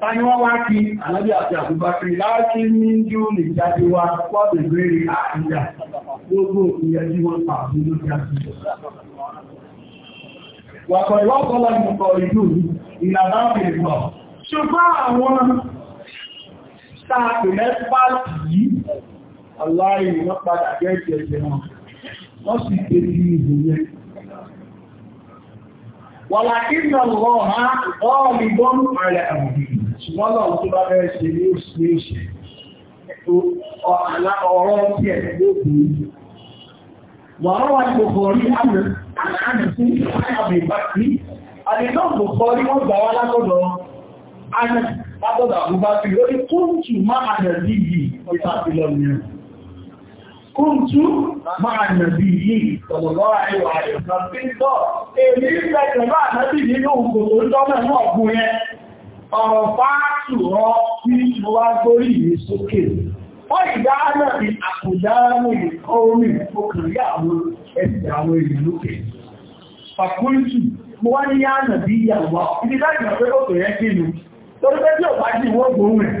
tani wọ́n wá kí ànábí àti àbúbákiri láti ní jú ní ìjáde wa pọ́bẹ̀ lórí àìyà gbogbo ìyẹjú wọn pàbí ló jáde wàkọ̀ ìwọ́kọ́lá ìmọ̀kọ̀ ìlú ìlànà ìrìnà ṣùgbọ́n àwọn sáàpù mẹ́fà yìí aláìwọ́n padà gẹ́gẹ́ wọn wọ́n sì tẹ́lú ìgbìyànjú Wàlá ìrìnà lọ ha ọ́ọ̀lì bọ́n ààrẹ àmì ṣùgbọ́n náà tó bá bẹ́ẹ̀ ṣe ní òṣìṣẹ́ ọ̀rọ̀ tí ẹ̀ lóògùn. Wàrọ́ wa gbogbo rí àmì sí àmì ìbákí. Àdìsọ́ gbogbo rí wọ́n gbà wá látọ̀dọ̀ látọ̀dọ̀ àbúbá sí lórí kúrùtù kúntú máa nàbí yìí tọ̀lọ̀lọ́ àìwà àìwà tí ń bọ̀. Èmi ń pẹ̀tẹ̀ bá nàbí nínú òkò tó dọ́nà náà gún yẹn. Ọ̀rọ̀ fáàtù rọ sí mo wá gbórí ìwé sókè. Wọ́n ni àkùdáránù ìkọ́ orí ìfòkàrí àwọn ẹ̀sẹ̀ àwọn èèyàn lókè. Fàkúntù, mo wá ní yá nàbí ìyàwó. Ibi láti mọ̀ pé ó kò yẹ kí ni. tí ò bá jì wọ́n gbóhùn ẹ̀.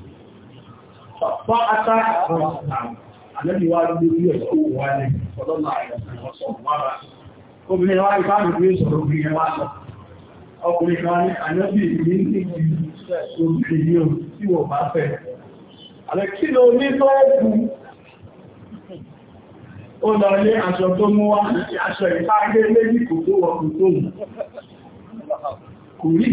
sọ̀pọ̀ ata àwọn ní wà obìnrin wá obìnrin wá ọkùnrin kan ní àlẹ́bí ìgbé ní ti obìnrin tí bá fẹ́ àlẹ́ kí ló ní tó kù ó lọ ilé aṣọ tó mú wá aṣọ méjì kò tó tó mú kò rí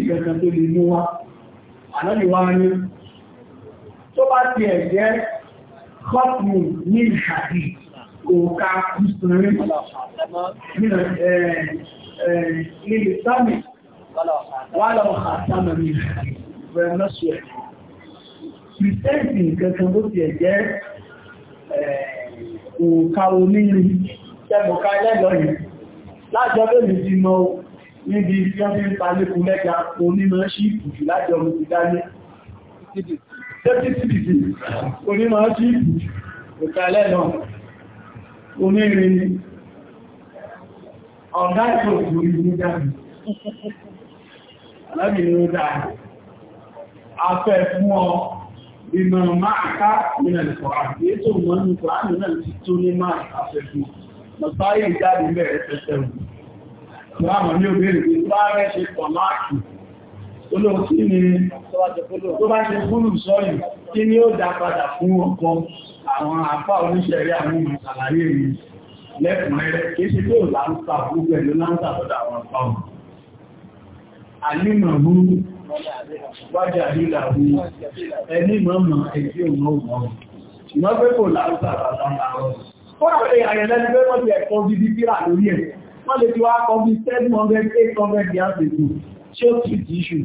tó bá ti ẹ̀jẹ́ kọ́pù ní ìṣàdì òǹkà ìsìnrin nílé sáàmì wà lọ́wọ́ sáàmì ní ìṣàdì pìtẹ́ǹtì kankan bó ti ẹ̀jẹ́ òǹkà onírin tẹ́bùká lẹ́lọ́ yìí lájọ́ lórí ti mọ́ níbi tí wọ́n fi ń palékun lẹ́gbàá onímọ̀ ṣíìpù lájọ́ mú ti dání dẹ́kìtìdì onímọ̀ ájí ìkàlẹ̀ náà onírin ọ̀gá ìpò ìlú ní dáàbì alábì ní dáàbì afẹ́ fún ọ ìmọ̀ máa ká nínú ìfọ̀rà ní tó mọ́ ní pàánù náà ti tó ní máa afẹ́ fún mọ̀sáyé ìjáde mẹ́rẹ̀ tẹ́tẹ́ olóhùn kí ni tó bá ṣe fúrù sọ́yìn kí ni ó dá padà fún ọkọ àwọn àfá oníṣẹ̀rí àwọn àlàyé mi lẹ́kùnrẹ́rẹ́ kí ṣe tó láńsà fún pẹ̀lú láńsà lọ́dọ̀ àwọn àfá wọn alímọ̀mú wájà lílàwó ẹni mọ́mọ̀ ẹgbẹ́ òun ọgbọ̀n ṣùgbọ́n pé kò láńsà lọ́dọ̀ Fọ́nà pé àyẹ̀lẹ́ ni pé wọ́n ti ẹ̀kọ́ bí bí bíra lórí ẹ̀. Wọ́n lè ti wá kọ́ bí 700 800 years ago. Ṣé ó ti di issue?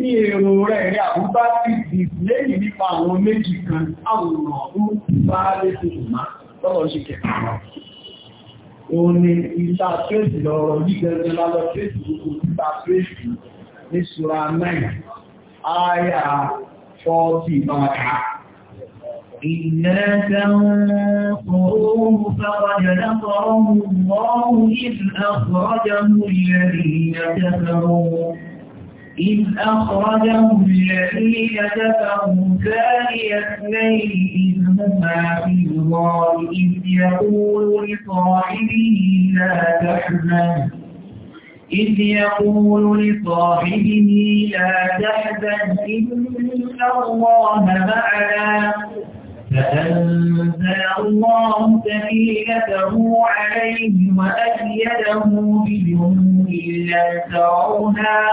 ni èrò rẹ̀ rẹ̀ àbúgbá ti dì lẹ́yìn nípa àwọn méjì kan àwòrán ọ̀hún bá lé tó má lọ́wọ́ ṣe kẹta o ni ìta tréṣì lọ́rọ̀ yígẹ̀rẹ̀ lálọ́ tréṣì gbogbo ìta tréṣì ní ṣúra 9 إذ أخرجه الذين كفروا ثاني اثنين إذ هما في الغار إذ يقول لصاحبه لا تحزن إذ يقول لصاحبه لا تحزن إن الله معنا فأنزل الله سكينته عليه وأيده بجنود لا ترونها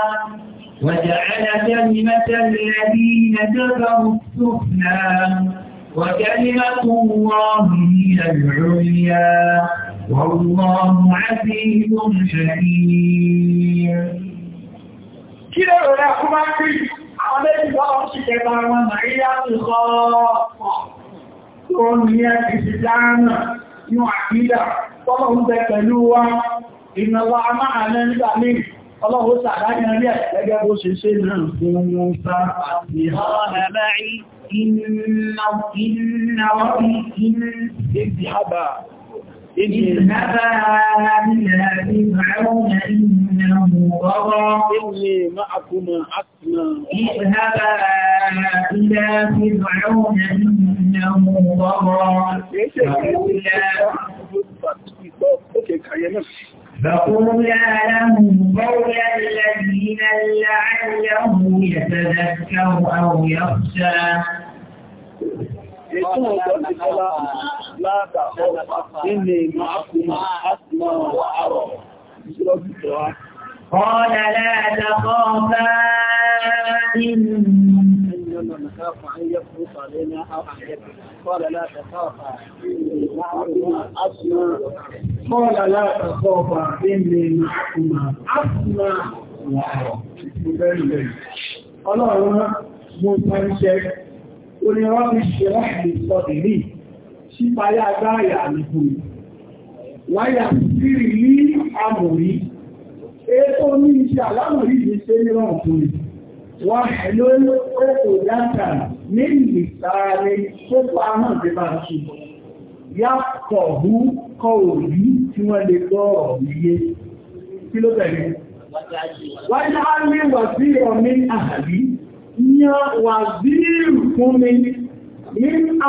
وجعل كلمة الذين كفروا السفلى وكلمة الله هي العليا والله عزيز حكيم كده ولا في عمل الله شكرا ومعيا الخاصة سنية الإسلام يعقيدة طبعا ذكروا إن الله معنا نبعليه Ọlọ́run sàdáyẹ̀ rẹ̀ gẹ́gẹ́ bó ṣe ṣe náà fún wọn sá àti ààrẹ̀ ìnáwọ́bí ìdíhábà. Ìdíhábà ìrìnàrí ìrìnàrí ìrìnàrí ọwọ́ ilé máa kúmọ̀ àtìmọ̀. Ìdíhábà ìrìnàrí ìrìnàrí ọwọ́ فقولا لهم قولا الذين لعلهم يتذكر أو يخشى قال لا تخافا إن قال لا تخافا إن يفرط قال لا تخافا أسمع قال لا تخافا إني معكما أسمع Ọlọ́run mú pẹ́ńṣẹ́ onírọ́bí ṣe rọ́pì sọ́dìrí sípayá agbáyà nìbò wáyà sírì ní àmòrí, ètò ní iṣẹ́ alámòrí ìṣẹ́ nírọ̀ fún wà lórí ó kò ní ìlìsáre tó pàmọ́ sí máa ṣe yàtọ̀ hú kọ òrí tí wọ́n lè gbọ́ ọ̀rọ̀míyé kí ló tẹ̀lé wáyé á ní wàzí ọmí àhàlí yan wàzí fún mi ní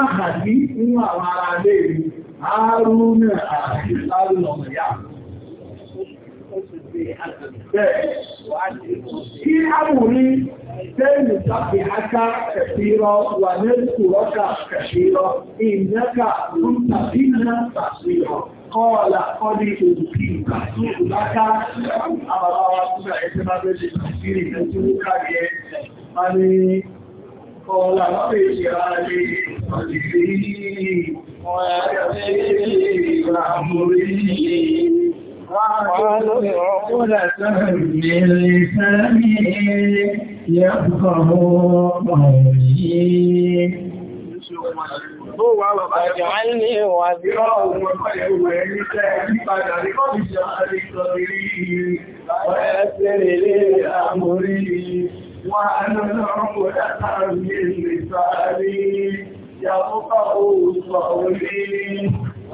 àhàlí nínú àwọn ará Kí àwùrí tẹ́lù tàbí aká kẹfìrọ wà ní kùrọ́kà kẹfìrọ, ìnáka ń tàbí náà tàbírọ. Kọ́ọ̀lá kọ́dí òkú ìgbà tó láká àwọn àwọn àtúnṣà ẹgbẹ́ bá bẹ́ ṣe kìí rẹ̀ tó ń kárí ẹ. A ní kọ́ọ̀lá lọ́pẹ̀ ìṣẹ́ra lè ọ̀dì sí ọ̀rẹ́ قالوا عقلة من لساني يفقه قولي واجعلني وزيرا ويسر لي أمري وأنا عقلة من لساني يفقه قولي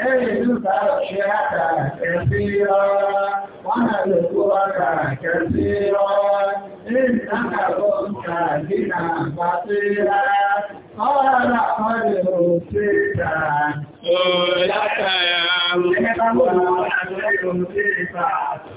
يذكر شيئا كثيرا ونذكرك كثيرا إنك كنت بنا بصيرا قال قد أوتيت سؤلك يا محمد أن أوتيت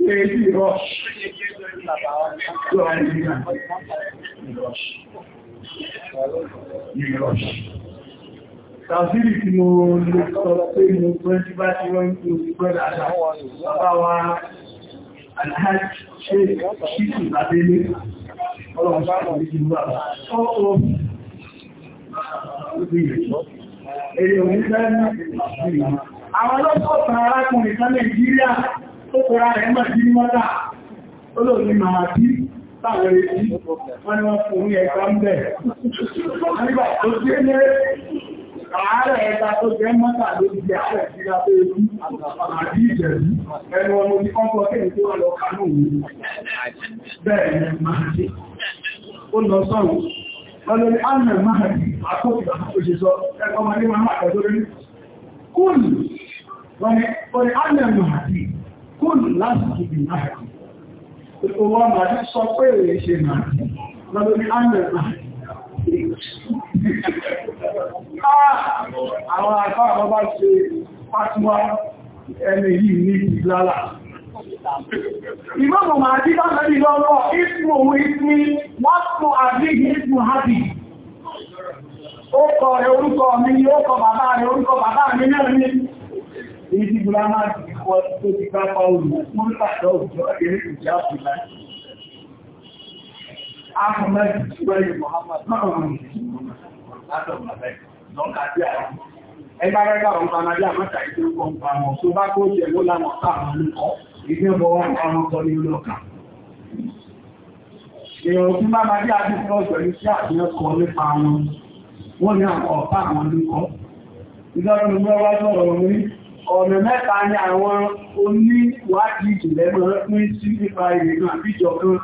Èdè rush. Rush. Tàbílì tí mo lè sọ pé mo gbọ́njú bá ti wọ́n tó gbọ́nà àbáwá alhaji ṣe ṣíṣù lábélé ọlọ́run bá kọ̀ nígbì bàbá. Ọ́pọ̀ èyí òun fẹ́ ní àwọn ọlọ́pọ̀ tàn arákùnrin kan Nàìjíríà tó kọ́ra rẹ̀ mọ̀ sí mọ́ta olóòní màmá sí táwọn èsì wọ́n ni wọ́n fún ní ẹ̀kọ́ ń bẹ̀. nígbà tó dé ní ààrẹ ẹ̀ta tó jẹ́ mọ́ta ló ti jẹ́ ààrẹ ìgbà tó ewu àti ìjẹ̀bí ẹnu tó wà lọ kánú òun ni máa ṣe máa rí àkókò òṣìṣọ́ ẹ̀kọ́ máa ní máa máa tẹ̀sórí kúrì wọ́n ni ánà máa rí kò ní láti kìbì náà owó màdí sọ pé èrè ṣe náà lọ́dún ní àmì náà ah, àwọn àkọ́ bá ṣe ẹni yìí ní mẹ́rin lọ́wọ́ ó orúkọ mi ó kọ bàbá rẹ̀ orúkọ bàbá mi náà ní ìdíbùlá máa ọkọ̀ tó ti kápa olùkún látọ̀ òjò ẹ̀rẹ́ ìjà àpìlá. Ahmed Jibẹ́lì Mohammed náà rọ̀ ní ìgbìmọ̀ látọ̀ mọ̀lẹ́ lọ́nà àti àwọn. Ẹgbẹ́ rẹ̀ gbà wọn pa Nàíjíríà mọ́ta ìdí ọkọ̀ ń pa wọn tó bá kó jẹ ló láwọn káàmù lókọ̀ ìdí ọmọ wọn pa wọn kọ ní olóòkà. Èèyàn tí bá Nàíjíríà ti fọ́ pẹ̀lú sí àfihàn kọ nípa wọn, wọ́n ní àwọn ọ̀pá àwọn lókọ̀. Ìjọba ìgbẹ́ wá sọ̀rọ̀ orí ọ̀nà mẹ́ta ni àwọn oníwádìí ìjìnlẹ̀ mọ́ pín sí nípa ìrìnà àbíjọ kan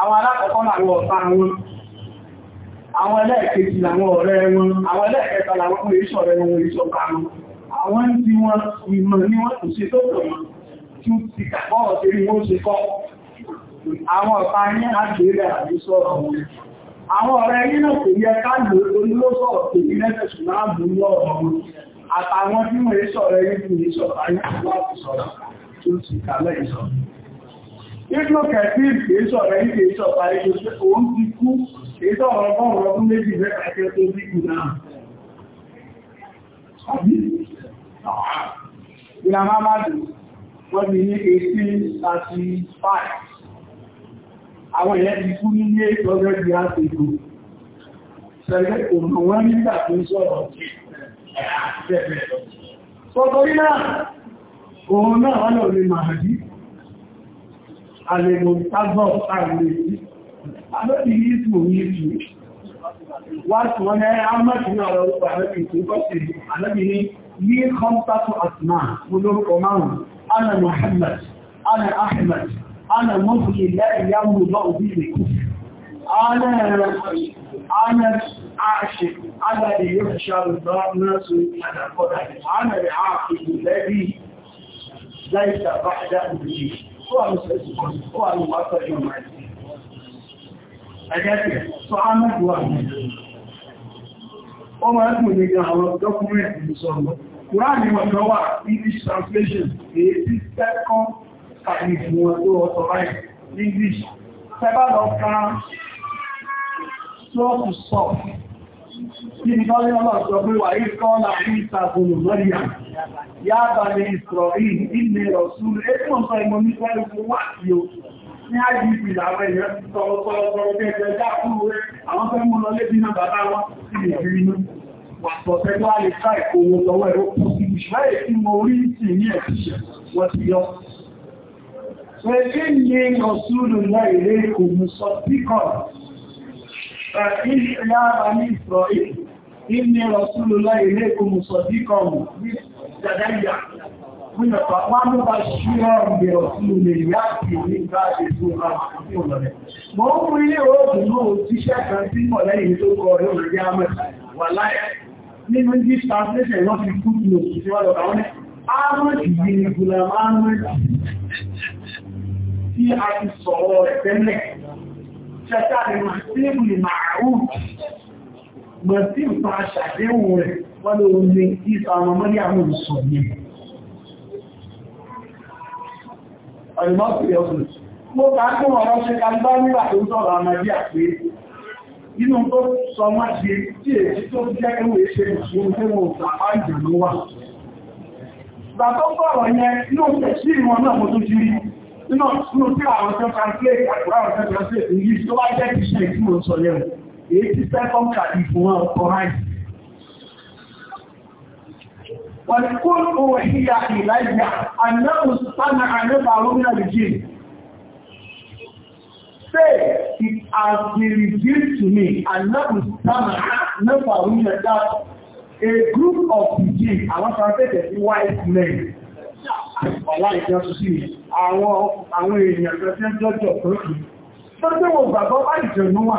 àwọn alákọ̀ọ́kọ́ làwọn ọ̀tá wọn àwọn ẹlẹ́ẹ̀kejì làwọn ọ̀rẹ́ wọn àwọn ẹlẹ́ẹ̀kẹta làwọn ọmọ ìṣọ̀ rẹ̀ wọn ìṣọ̀kà wọn àwọn tí wọ́n ìmọ̀ ní wọ́n kò ṣe tó pọ̀ wọn tí ó ti kàkọ́ ọ̀sẹ̀ rí wọ́n ṣe kọ́ àwọn ọ̀tá yẹn àgbèrè àbísọ̀rọ̀ wọn àwọn ọ̀rẹ́ yìí náà kò yẹ ká lò ó lóṣọ̀ọ̀tẹ̀ ní lẹ́sẹ̀ ṣùgbọ́n àbúrú àtàwọn tí wọ́n èé sọ̀rọ̀ yìí fún ìṣọ̀rọ̀ ayé láti sọ̀rọ̀ tó sì kàlẹ̀ ìṣọ̀rọ̀. Ibùdó kẹ̀kí èé sọ̀rọ̀ yìí èé sọ̀rọ̀ ayé tó ṣe òun ti kú èé sọ̀rọ̀ ọgọ́rùn-ún ọdún méjì mẹ́ta kẹ́ tó bí kù náà. Ìlànà máa Sọ̀tọ̀rí náà, òun náà wọ́n lọ lè Mahadi, àlèmò tágbọ̀ àrùlé sí, àlọ́dì ìsìnkú yìí wá tí wọ́n ní àmàtí ní ọ̀rọ̀ orúkọ àrẹ́bì tó kọ́ sí àlẹ́bì ní ní kọ́ntàtù àtìmá mú lórúkọ márùn-ún, ana Muhammad, ana Ahmed, ana العاشق الذي يحشر الناس على قدره أنا العاقل الذي ليس بعد أمره هو المسلسل هو المؤثر يوم الدين wọn kan wà English translation èyí tí tẹ́kọ́ tàbí ìwọ̀n tó ọ̀tọ̀ láì English tẹ́bàlọ́ kan sọ́ọ̀tù sọ́ọ̀tù Níbi tó yọ́ lọ sọ pé wà ní kọ́lá ìta gbogbo mọ́ríà, yá bá ní ìsọ̀rọ̀ ilẹ̀ ọ̀sùn ẹgbùn sọ ìmọ̀ ní pẹ́lú wà tí ó ní àjíjì làwọn èèyàn ti sọ̀rọ̀ sọ̀rọ̀ kẹjọ jákúrú rẹ̀, àwọn fẹ́ mú lọ lébí náà bàbá wọn sí ìrìn inú. Wàtọ̀ tẹ́gbọ́ alẹ́ ká ìkòwò lọ́wọ́ ẹ̀rọ kú sí ìṣẹ́lẹ̀ tí mo rí sí ní ẹ̀ṣẹ̀ wọ́n ti yọ. Pẹ̀lú ní ọ̀sùlù náà ilé ìkòmù sọ píkọ̀. Ẹ̀kí ìyá bá ní ìsọ̀rọ̀ Inni Rasulullah ilaykum sadiqan min Jadayya. Wọ́n mú bá ṣíọ́ ìgbẹ̀ ọ̀tún lè yáàkì ní káàkiri tó rà ní ọ̀lọ́rẹ̀. Mọ́ ń mú ilé òògùn náà tíṣẹ́ kan tí mọ̀ lẹ́yìn tó kọ ọ̀rẹ́ òrẹ́ àmẹ́ wà láyé. Nínú jí translation wọ́n fi kú ní òkú tí wọ́n lọ kàwọn ní Ahmed yìí gùnà Ahmed tí a ti sọ̀rọ̀ rẹ̀ tẹ́lẹ̀. Ṣẹ́ta ni Màtíbù ni Màárù mọ̀ sí ìpa ṣàdéhùn rẹ̀ wọ́n ló ní ìsọ ọmọ mọ́lé àwọn ìsọ̀ ní ọ̀rìmọ́sí ọ̀sùn mo ká tó ọ̀rọ̀ ṣe ká gbá nígbà tó ń sọ̀rọ̀ àmàdí àpé inú tó sọ wọ́n ṣe tí èsì tó jẹ́ ẹwẹ́ ṣe ìṣòro tí wọ́n sàpá ìjànú wà ìgbà tó sọ̀rọ̀ yẹn inú tẹ̀sí ìwọ̀n náà mo tó ti rí nínú tí àwọn tó translate àkùrá àwọn tó translate English tó bá jẹ́ kìí ṣe ìtumọ̀ sọ yẹn èyí tí second card fún wọn ọkọ̀ ráìsì wọ́n kó owó híyà ìláyà anáhùn sánà àníbà rómìnà virgin say it has been revealed to me anáhùn sánà àníbà rómìnà that a group of virgin àwọn translated sí white men ọ̀lá ìjọ sí àwọn èèyàn tó ṣe ń jọ́jọ́ tó kí tó gbé wọn gbàgbọ́ bá ìjọ̀nú wà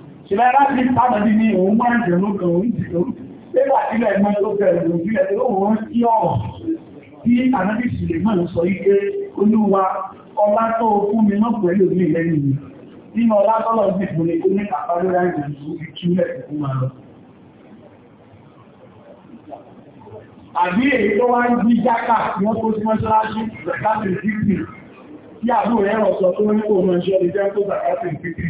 Ìlẹ́ra ti pàtàkì ní òun máa jẹ̀ lókè orí ìṣòro. Lébà sílẹ̀ mọ́ tó bẹ̀rẹ̀ lójúlẹ̀ tó wọ́n sí ọ̀rọ̀ tí ànábì Sùlèmọ́ sọ ike olúwa ọlá tó fún mi mọ́ pẹ̀lú ní lẹ́yìn mi. Nínú ọlá tọ́lọ̀ sí fún mi tó ní àpárẹ́rẹ́ ìrìnàjò ìtúlẹ̀ fún wa lọ. Àbí èyí tó wá ń bí jákà tí wọ́n tó sí mọ́ṣáláṣí Zakatin Fifty tí àbúrò ẹ̀rọ sọ tó ní kò mọ̀ ṣe ọdún jẹ́ tó Zakatin Fifty.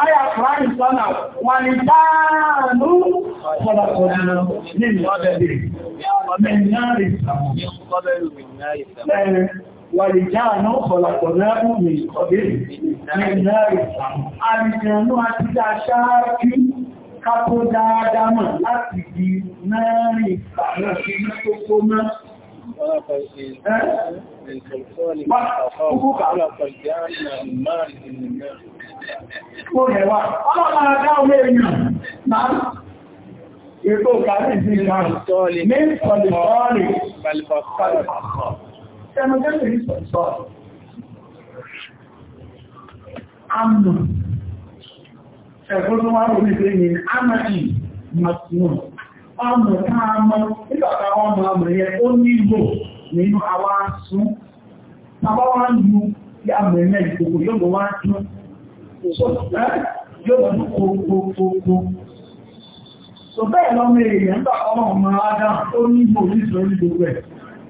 Ayà Kùránì sọ́nà wà ní dáàrù ọ̀pọ̀lọpọ̀lọ nínú ọdẹ̀dẹ̀. Wàlìjáàánú ọ̀pọ̀lọpọ̀lọ ní ọdẹ̀ Nàìjíríà. Àrìjànú àti dáṣáájú kápó dáadáa mọ̀ láti di náà rí ìpàdé sí ní tó kó náà. Wọ́n Mo rẹ̀wà, ọlọ́run àdá ọmọ èèyàn máa ètò kàrí sí ìrìnàṣọ́lì ní sọ̀lìsọ́lì balibasọ́lì. Ṣẹ́mọ̀ jẹ́ sí sọ̀lìsọ́lì. Amnù. Ṣẹ̀kọ́ tó wá lórí pé ní Amàtì Màtìmọ̀. Amnù káà mọ́ nígbàtà wọn mọ̀ àmì yẹ ó nílò Eh, yóò mú kòkòkòkò. So bẹ́ẹ̀ lọ mẹ́rin èèyàn gbà ọmọ ọmọ Adá ó ní ìbò nítorí orí gbogbo ẹ̀.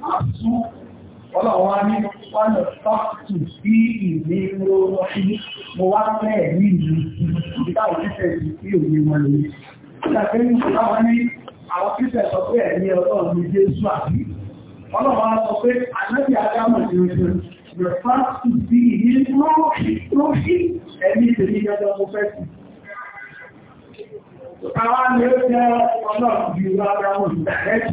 A tún of ní wọ́n tọ́kù sí ìwé lórí mo wá mẹ́ẹ̀ ní ìlú ìdá òṣìṣẹ́ sí òye wọn lórí. Ìgbàgbé ní ìṣòwò ní àwọn kíṣẹ̀ sọ pé ẹ̀mí ọlọ́run ní Jésù àbí. Ọlọ́wọ́ sọ pé àlẹ́bí Adámọ̀ ti rẹ̀ fásitì sí ìlú lórí ẹ̀mí ìdèmí gẹ́gẹ́ ọmọ fẹ́sì. Àwọn ni ó jẹ́ ọ̀nà ìlú ara wọn ìdàrẹ́jì.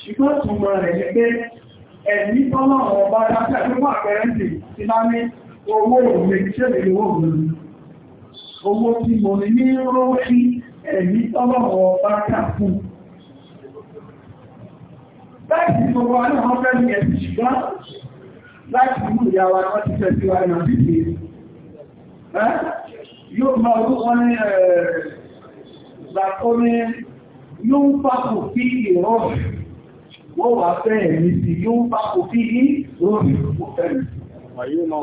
Ṣùgbọ́n túnmọ̀ rẹ̀ ní pé ẹ̀mí tọ́nà ọba dákẹ́ pípọ̀ gbogbo àwọn ọmọ fẹ́ ní ẹ̀sì ṣùgbọ́n láti mú ìyá wa wọ́n ti tẹ̀sí wa ẹ̀nà sí ti yóò máa rú wọn ní ẹ̀ẹ̀gbàkóní yóò ń pàkò fí ìrọ́rì wọ́n wà fẹ́ ẹ̀mí sí yóò ń pàkò fí ìrọ́rì Wà yóò máa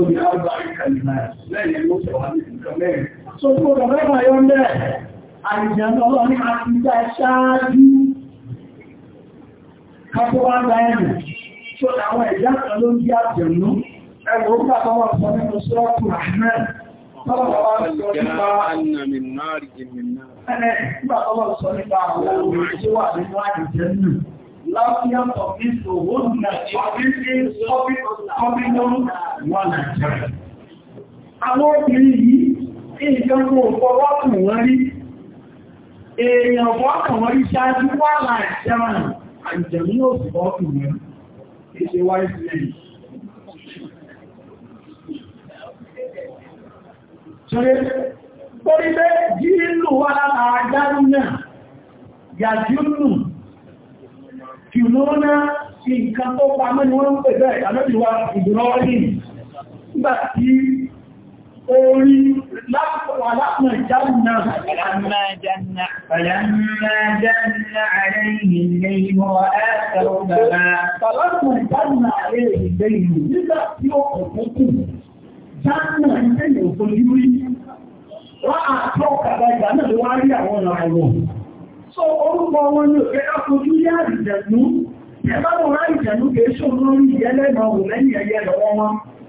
òbí àgbà ìkàlìmá lẹ́yìn ló sọ wà ní ìkàlẹ́. So, kó bàbá bàbá yọ́ lẹ́ àìjẹ̀ ọlọ́ ní àti ìgbà ṣáájú kápọ́ gbáyẹ̀mù ṣó àwọn ẹ̀dá kan ló ń bí àjẹ̀mú ẹgbẹ̀ ó pàtàkì wọn sọ nínú sọ́ọ̀tù ahmed Láfíàn ọ̀fíìsì òun nà ọ̀fíìsì ọ̀fíìsì wọn nà jẹ́. Àwọn obìnrin yìí, ìjọ́nà òfọwọ́kùn wọ́n rí, èèyàn fọ́kùn wọ́n rí ṣáájú wà láì jẹun, àìjẹ̀mí òfọwọ́kùn wọ́n rí. ìṣe wise men ṣe torí pé jíìlù wà lára agbárú náà yàjúlù kìlónà nǹkan tó pamọ́ ni wọ́n ń pè bẹ́ẹ̀ orí lápọ̀wàlápọ̀ jánà Fàlàmà jánà àrẹ́yìn ilé ìwọ̀ ẹ́ẹ̀kọ́ bàbá. Fàlàmà jánà àrẹ́yìn ilé ìwọ̀ nígbà tí ó kọ̀kọ́kù, jánà ilé ìwọ̀ lórí. Wọ́n àtọ́ kàbà ìgbàmọ̀ ló wá rí àwọn ọ̀rọ̀. So orúkọ wọn ni òkè ọkọ̀jú yá àrìjẹ̀nú, ẹbá wọn ráìjẹ̀nú kèé ṣòro lórí ìyẹ́lẹ́nà ọ̀rọ̀ lẹ́yìn ẹyẹ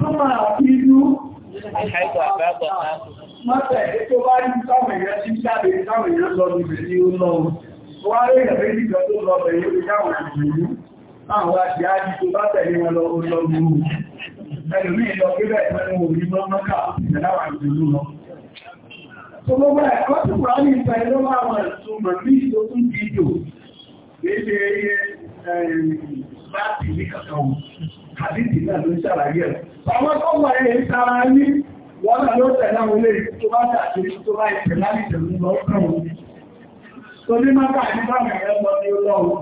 tó máa fi inú mọ́tẹ̀ tó bá rí táwọn èèyàn sí jáde táwọn èèyàn lọ níbi tí ó lọ wá rí ẹ̀rẹ́ nígbà tó lọ bẹ̀rẹ̀ ó jáwọn ìrìnlú àwọn àti ájí tó bá tẹ̀lé wọn lọ ó lọ gbúrú ẹlùmí lọ gbébẹ̀ pẹ̀lú orí mọ́mọ́ká ìdáwà ìrìnlú lọ tó gbogbo ẹ̀kọ́ tó wà ní ìfẹ́ ló máa wọ̀n ìtumọ̀ bí ìtò tún dídò àdìsí náà ló ṣàlàyé ẹ̀. a tó wà ẹ̀ ń tara ní wọ́n náà ló tẹ̀lé àwọn ilé tó bá ṣàṣeyí tó bá ìpè láti tẹ̀lé lọ bá ní bá mẹ́rẹ́ lọ ní ọlọ́run.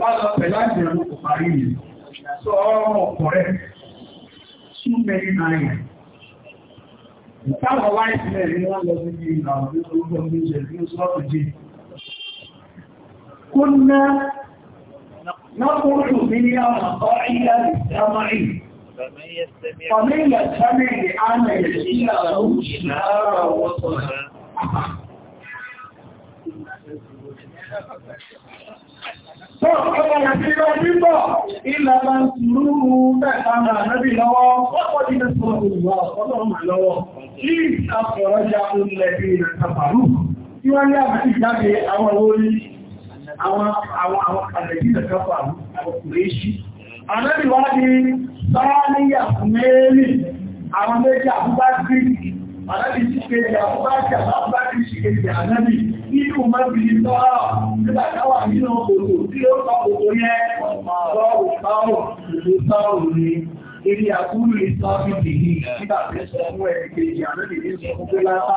Wọ́n lọ pẹ̀ láti Sọ ọrọ̀ wọ́n lọ sí ìlànà ní نخرج من مقاعد السمع فمن يستمع لعمل إلى روج نارا وصلا Ìlànà ìrúrú mẹ́ta nàbí lọ́wọ́, wọ́pọ̀ ní mẹ́sàn olùwà ọlọ́run lọ́wọ́, kí ìtàkọ̀ọ́já olùlẹ̀bí ìrẹ̀ta pàrú, tí wọ́n ní àmì ìjáde àwọn orí àwọn àlẹ́bí ìrẹ̀kọ́pọ̀ àwọn ọkùnrin ṣí. Ànábì wá di sáàníyà mẹ́rin àwọn méjì àbúgbá sí ànábì sí kejì àbúgbá sí àbúgbá sí sí kejì ànábì nínú mẹ́bìlì tọ́rọ nígbàtàwà nínú òkòtò tí ó kọ òkò yẹ Èdè àkúrú lè sọ bí bìí nígbàtẹ́ sọ fún ẹ̀ kejì ànábì ní sọ fún pé lápá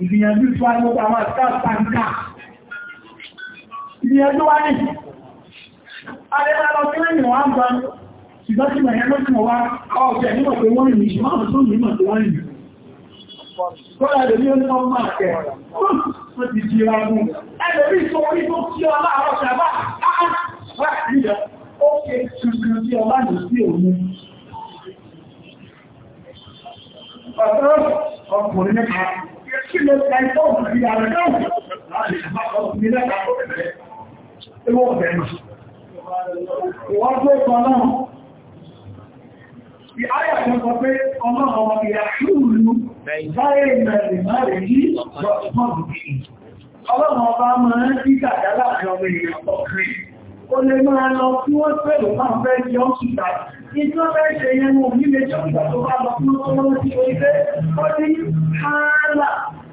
ìgbìyànjú tí wá ní ọgbà àwọn àtàkà ìgbìyànjú wá ní adẹ́lọ́lọ́ tí lẹ́yìn wá ń bá ṣùgbọ́n tí mẹ̀yẹ́ ló tí wọ́n wá ọ̀tẹ̀ nígbà pé wọ́n rìn ìṣẹ́ máa tó nígbà tó wọ́n rìn Kọ́lá lè ní ó ní ọmọ máa kẹ̀ ó ti jí ra mú. Ẹgbẹ̀rí ìṣòrí tó kí ọlá àwọn ṣàbá áá wà nílẹ̀ ó ké tuntun tí ọlá ní sí òun. Ọ̀pọ̀ ọkùnrin mẹ́ta kí ló ṣe yẹn mú nílé jọ́ ìgbà tó bá lọ fún ọmọ tí ó ilé ó ní hálà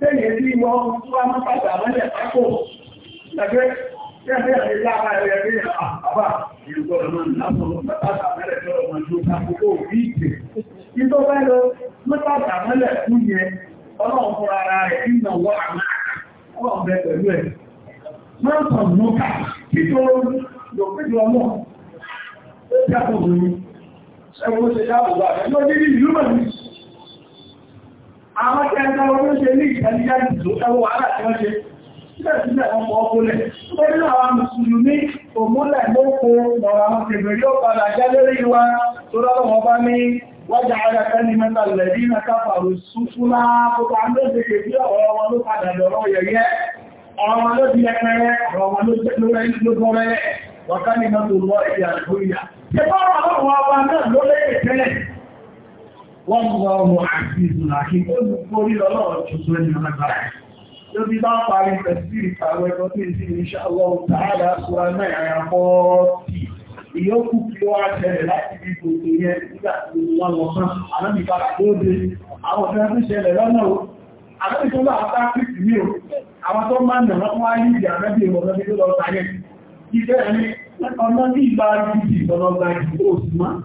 tẹ́yìn sí mọ́ tó wá mọ́ pàtà mọ́lẹ̀ pákó ṣàgbé tẹ́ẹ̀fẹ́ àti ah, láàbà rẹ̀ rí àbá ìrùgbọ́rọ̀ mọ́ láàbà mọ́ ju tó ọmọ ó jákòó ẹwọ́n ṣe dáàbò wà lọ́dí ìlú mọ̀ àwọn kẹta ọdún ṣe ní ìtàlíyà ìtò ẹwọ aláti wọ́n ṣe sílẹ̀sílẹ̀ ọmọ ọkùnlẹ̀ torí àwọn mùsùlùmí òmúlẹ̀ mọ́kò lọ́rọ̀ àwọn kèbèrè yóò padà jẹ́ lórí wa tó rọ́lọ́wọ́ bá ní wájà ayaka ní mẹ́ta lẹ̀dí mẹ́ta fàrù súnfúnlá kópa ń lóṣe kèbí ọ̀rọ̀ wọn ló padà lọ́rọ̀ yẹ̀yẹ́ ọ̀rọ̀ wọn ló di ẹ̀kẹ́rẹ́ ọ̀rọ̀ ló jẹ́ lórẹ́ wọ́n mọ ọmọ àti ìdùnàkí tó ń borí ọlọ́run tuntun ẹni ọlọ́gbàrá. Lóbi bá parí pẹ̀sìrì pàrọ̀ ẹ̀kọ́ tó ìsìn ìṣẹ́ ọlọ́run tààdà sọ́ra náà ẹ̀yà fọ́ọ̀tì ìyókù kí ó wá ṣẹlẹ̀ láti bí gbogbo yẹn nígbà tí wọ́n lọ sán alábìbá lóde àwọn òṣèrè tó ṣẹlẹ̀ lọ́nà o alábìtọ́ bá bá kìtì ní o àwọn tó máa nà wọ́n wá ní ìdí àmẹ́bí ìwọ̀n tó lọ sáyẹ̀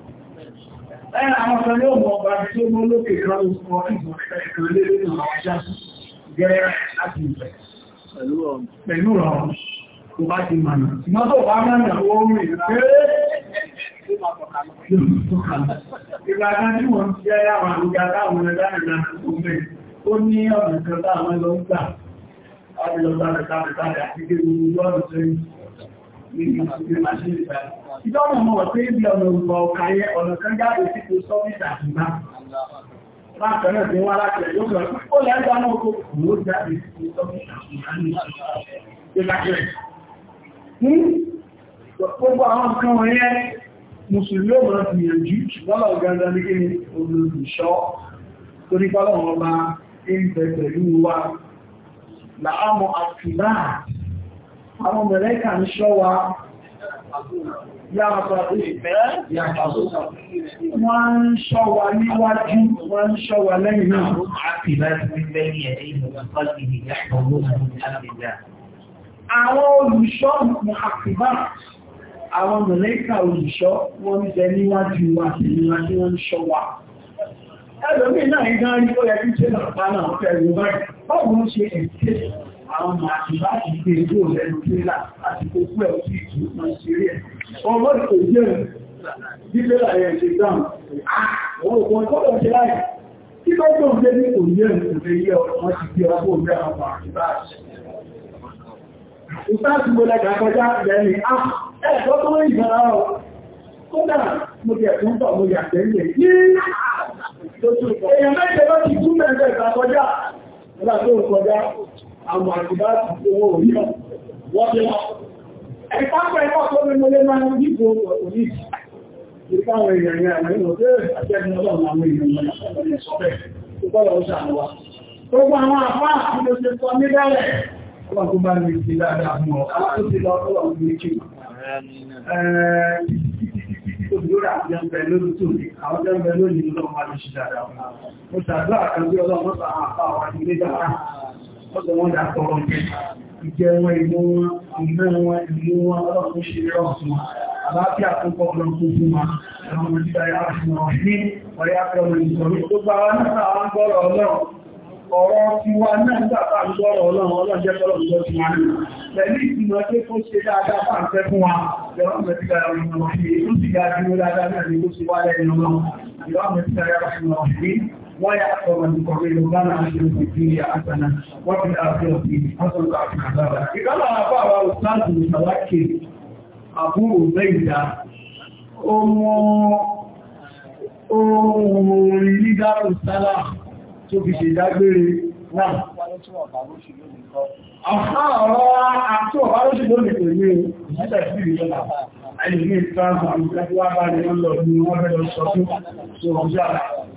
Àwọn ọ̀sán yóò mọ̀ ọba tí ó mọ́ lókè kan ló sọ ìgbọ̀n lérè náà ọjá gẹ́rẹ́ láti ìfẹ̀. Pẹ̀lú ọ̀rọ̀ tó bá ti mànà. Ìmọ́ tó bá mọ́ ìrìnà ó rìn rẹ̀. Ìgbà kan tí wọ́n ti yára àwọn àrúgbà láwọn ẹ̀dá ìlànà tó mẹ́. Ó ní ọ̀nà kan táwọn lọ ń gbà. Ọdún lọ bá rẹ̀ táwọn ìbára àti Ìjọ́mọ̀ mọ̀ wọ̀ pé ibi ọ̀nà ìgbà ọ̀ka ọ̀nà kan jáde sí kò sọ́fíìsì àtìgbà. Bákan náà ti láti ẹ̀yọ́ ó lẹ́gbàá náà kò kò jáde sí kò sọ́fíìsì àtìgbà. ní hmm? kí àwọn mẹ̀lẹ́kà ń ṣọ́ wa wọ́n ń ṣọ́ wa níwájú wọ́n ń ṣọ́ wa lẹ́yìn náà àwọn olùṣọ́ àkùbá àwọn mẹ̀lẹ́kà olùṣọ́ wọ́n ń bẹ níwájú wa sí níwájú wọ́n ń ṣọ́ wa ẹlòmí náà ìdánrí ó yẹ kí ṣe lọ́pàá náà fẹ́ àwọn màṣí láti gbé ewó lẹ́nu tírélà àti kókó ẹ̀ tó wọ́n ti gbé ọgbọ́n ní mo lẹ́gàá tó ń yàn mo jẹ̀ tó ń bọ̀ mo yà tẹ́lẹ̀ èèyàn mẹ́jẹ̀ lọ́ ti kú mẹ́jẹ̀ ìgbà kọjá àwọn àdìbá àti owó orí wọ́n ti lọ. Ẹ̀ka pẹ̀ ẹ̀kọ́ tó mímú lé máa ń dìbò òní. Ìfẹ́ àwọn èèyàn yẹn àwọn èèyàn tó àti ẹni ọlọ́run àwọn èèyàn yẹn sọ bẹ́ẹ̀ tó gbọ́dọ̀ ó ṣàánú wa. Gbogbo àwọn àfá àti mo ṣe sọ ní bẹ́ẹ̀. Ọlọ́run tó bá mi ti dáadáa mú ọ, àwọn tó ti lọ ọlọ́run ní kí lóra àti ọmọ ẹ̀ mọ́sọ̀ wọ́n dá tọrọ jẹ́ ìjẹ wọn ìlú wọn ìlú wọn ìlú wọn ọlọ́run ṣe rọ̀ fún àlàáfíà fún pọ̀pọ̀ fún wa àwọn olùdarí àfihàn ní ọ̀rẹ́ akẹ́wọ̀n ìsọ̀rí tó bá wá náà àwọn gbọ́rọ̀ ọlọ́run ọ̀rọ̀ ti wá náà gbàtà gbọ́rọ̀ ọlọ́run ọlọ́run jẹ́ tọ́lọ̀ ìjọ ti wá ní pẹ̀lú ìtumọ̀ pé kó ṣe dáadáa bá ń fẹ́ fún wa ìrọ̀ mẹ́tíkà ìrọ̀ ìrọ̀ ìrọ̀ ìrọ̀ ìrọ̀ ìrọ̀ ìrọ̀ ìrọ̀ ìrọ̀ ìrọ̀ ìrọ̀ ìrọ̀ ìrọ̀ ويحفظ من قبل لنا أشهر في الدنيا حسنة وفي الآخرة حسنة عن عذابنا إذا ما أبا أستاذ متوكل أبو زيدا أمو Oòrùn lídàrù sálà tó fi ṣe dágbére náà. Àfá ọ̀rọ̀ àti ọ̀bá ló ṣe lórí pẹ̀lú ìṣẹ́lẹ̀ sí ìjọba. Àìyí ní ìtàrà àwọn ìgbàtíwà bá ní ọlọ́ ni wọ́n bẹ̀rẹ̀ sọ fún ṣe ọjọ́ àrà.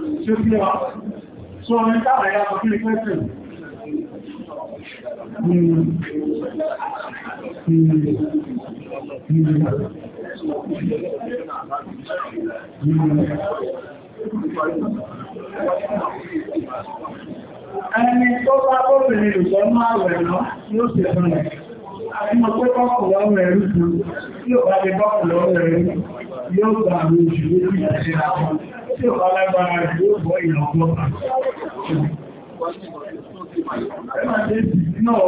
ṣe Ẹni tó bá bóbi ni máa rẹ̀ náà yóò ṣe fún ẹ̀. Àfihàn pé bọ́ọ̀kù lọ́rùn ẹ̀rú kan tí ò bá lè bọ́ọ̀kù lọ́rùn ẹ̀rú yóò gba àwọn oṣù lórí ìṣẹ́ àwọn tí ò bá lágbára rẹ̀ yóò bọ́ ìrànwọ́. Ẹgbẹ́ àti èsì náà ó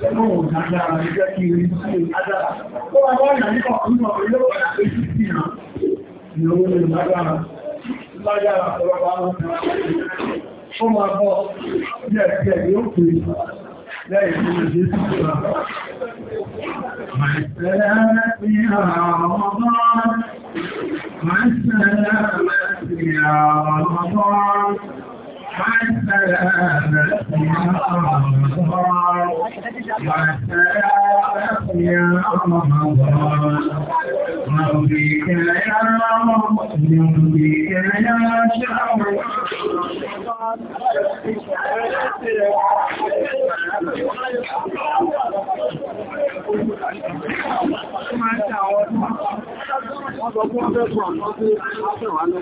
ṣe mọ́ òun àdára nígbà kí orí sí àdára. Ó wà wọ́n yà nípa ọ̀pọ̀ yóò padà pé sí sí hàn ní owó lè lágbára. Lágbára ọ̀pọ̀lọpọ̀ àwọn ọ̀pọ̀ ó máa bọ́ bí ẹ̀kẹ́ yóò pè é. مع السلامة يا رمضان مع السلامة يا رمضان Ọjọ́ fún ọjọ́ fún àkọ́sí àṣẹ̀wà lẹ́kọ̀ọ́.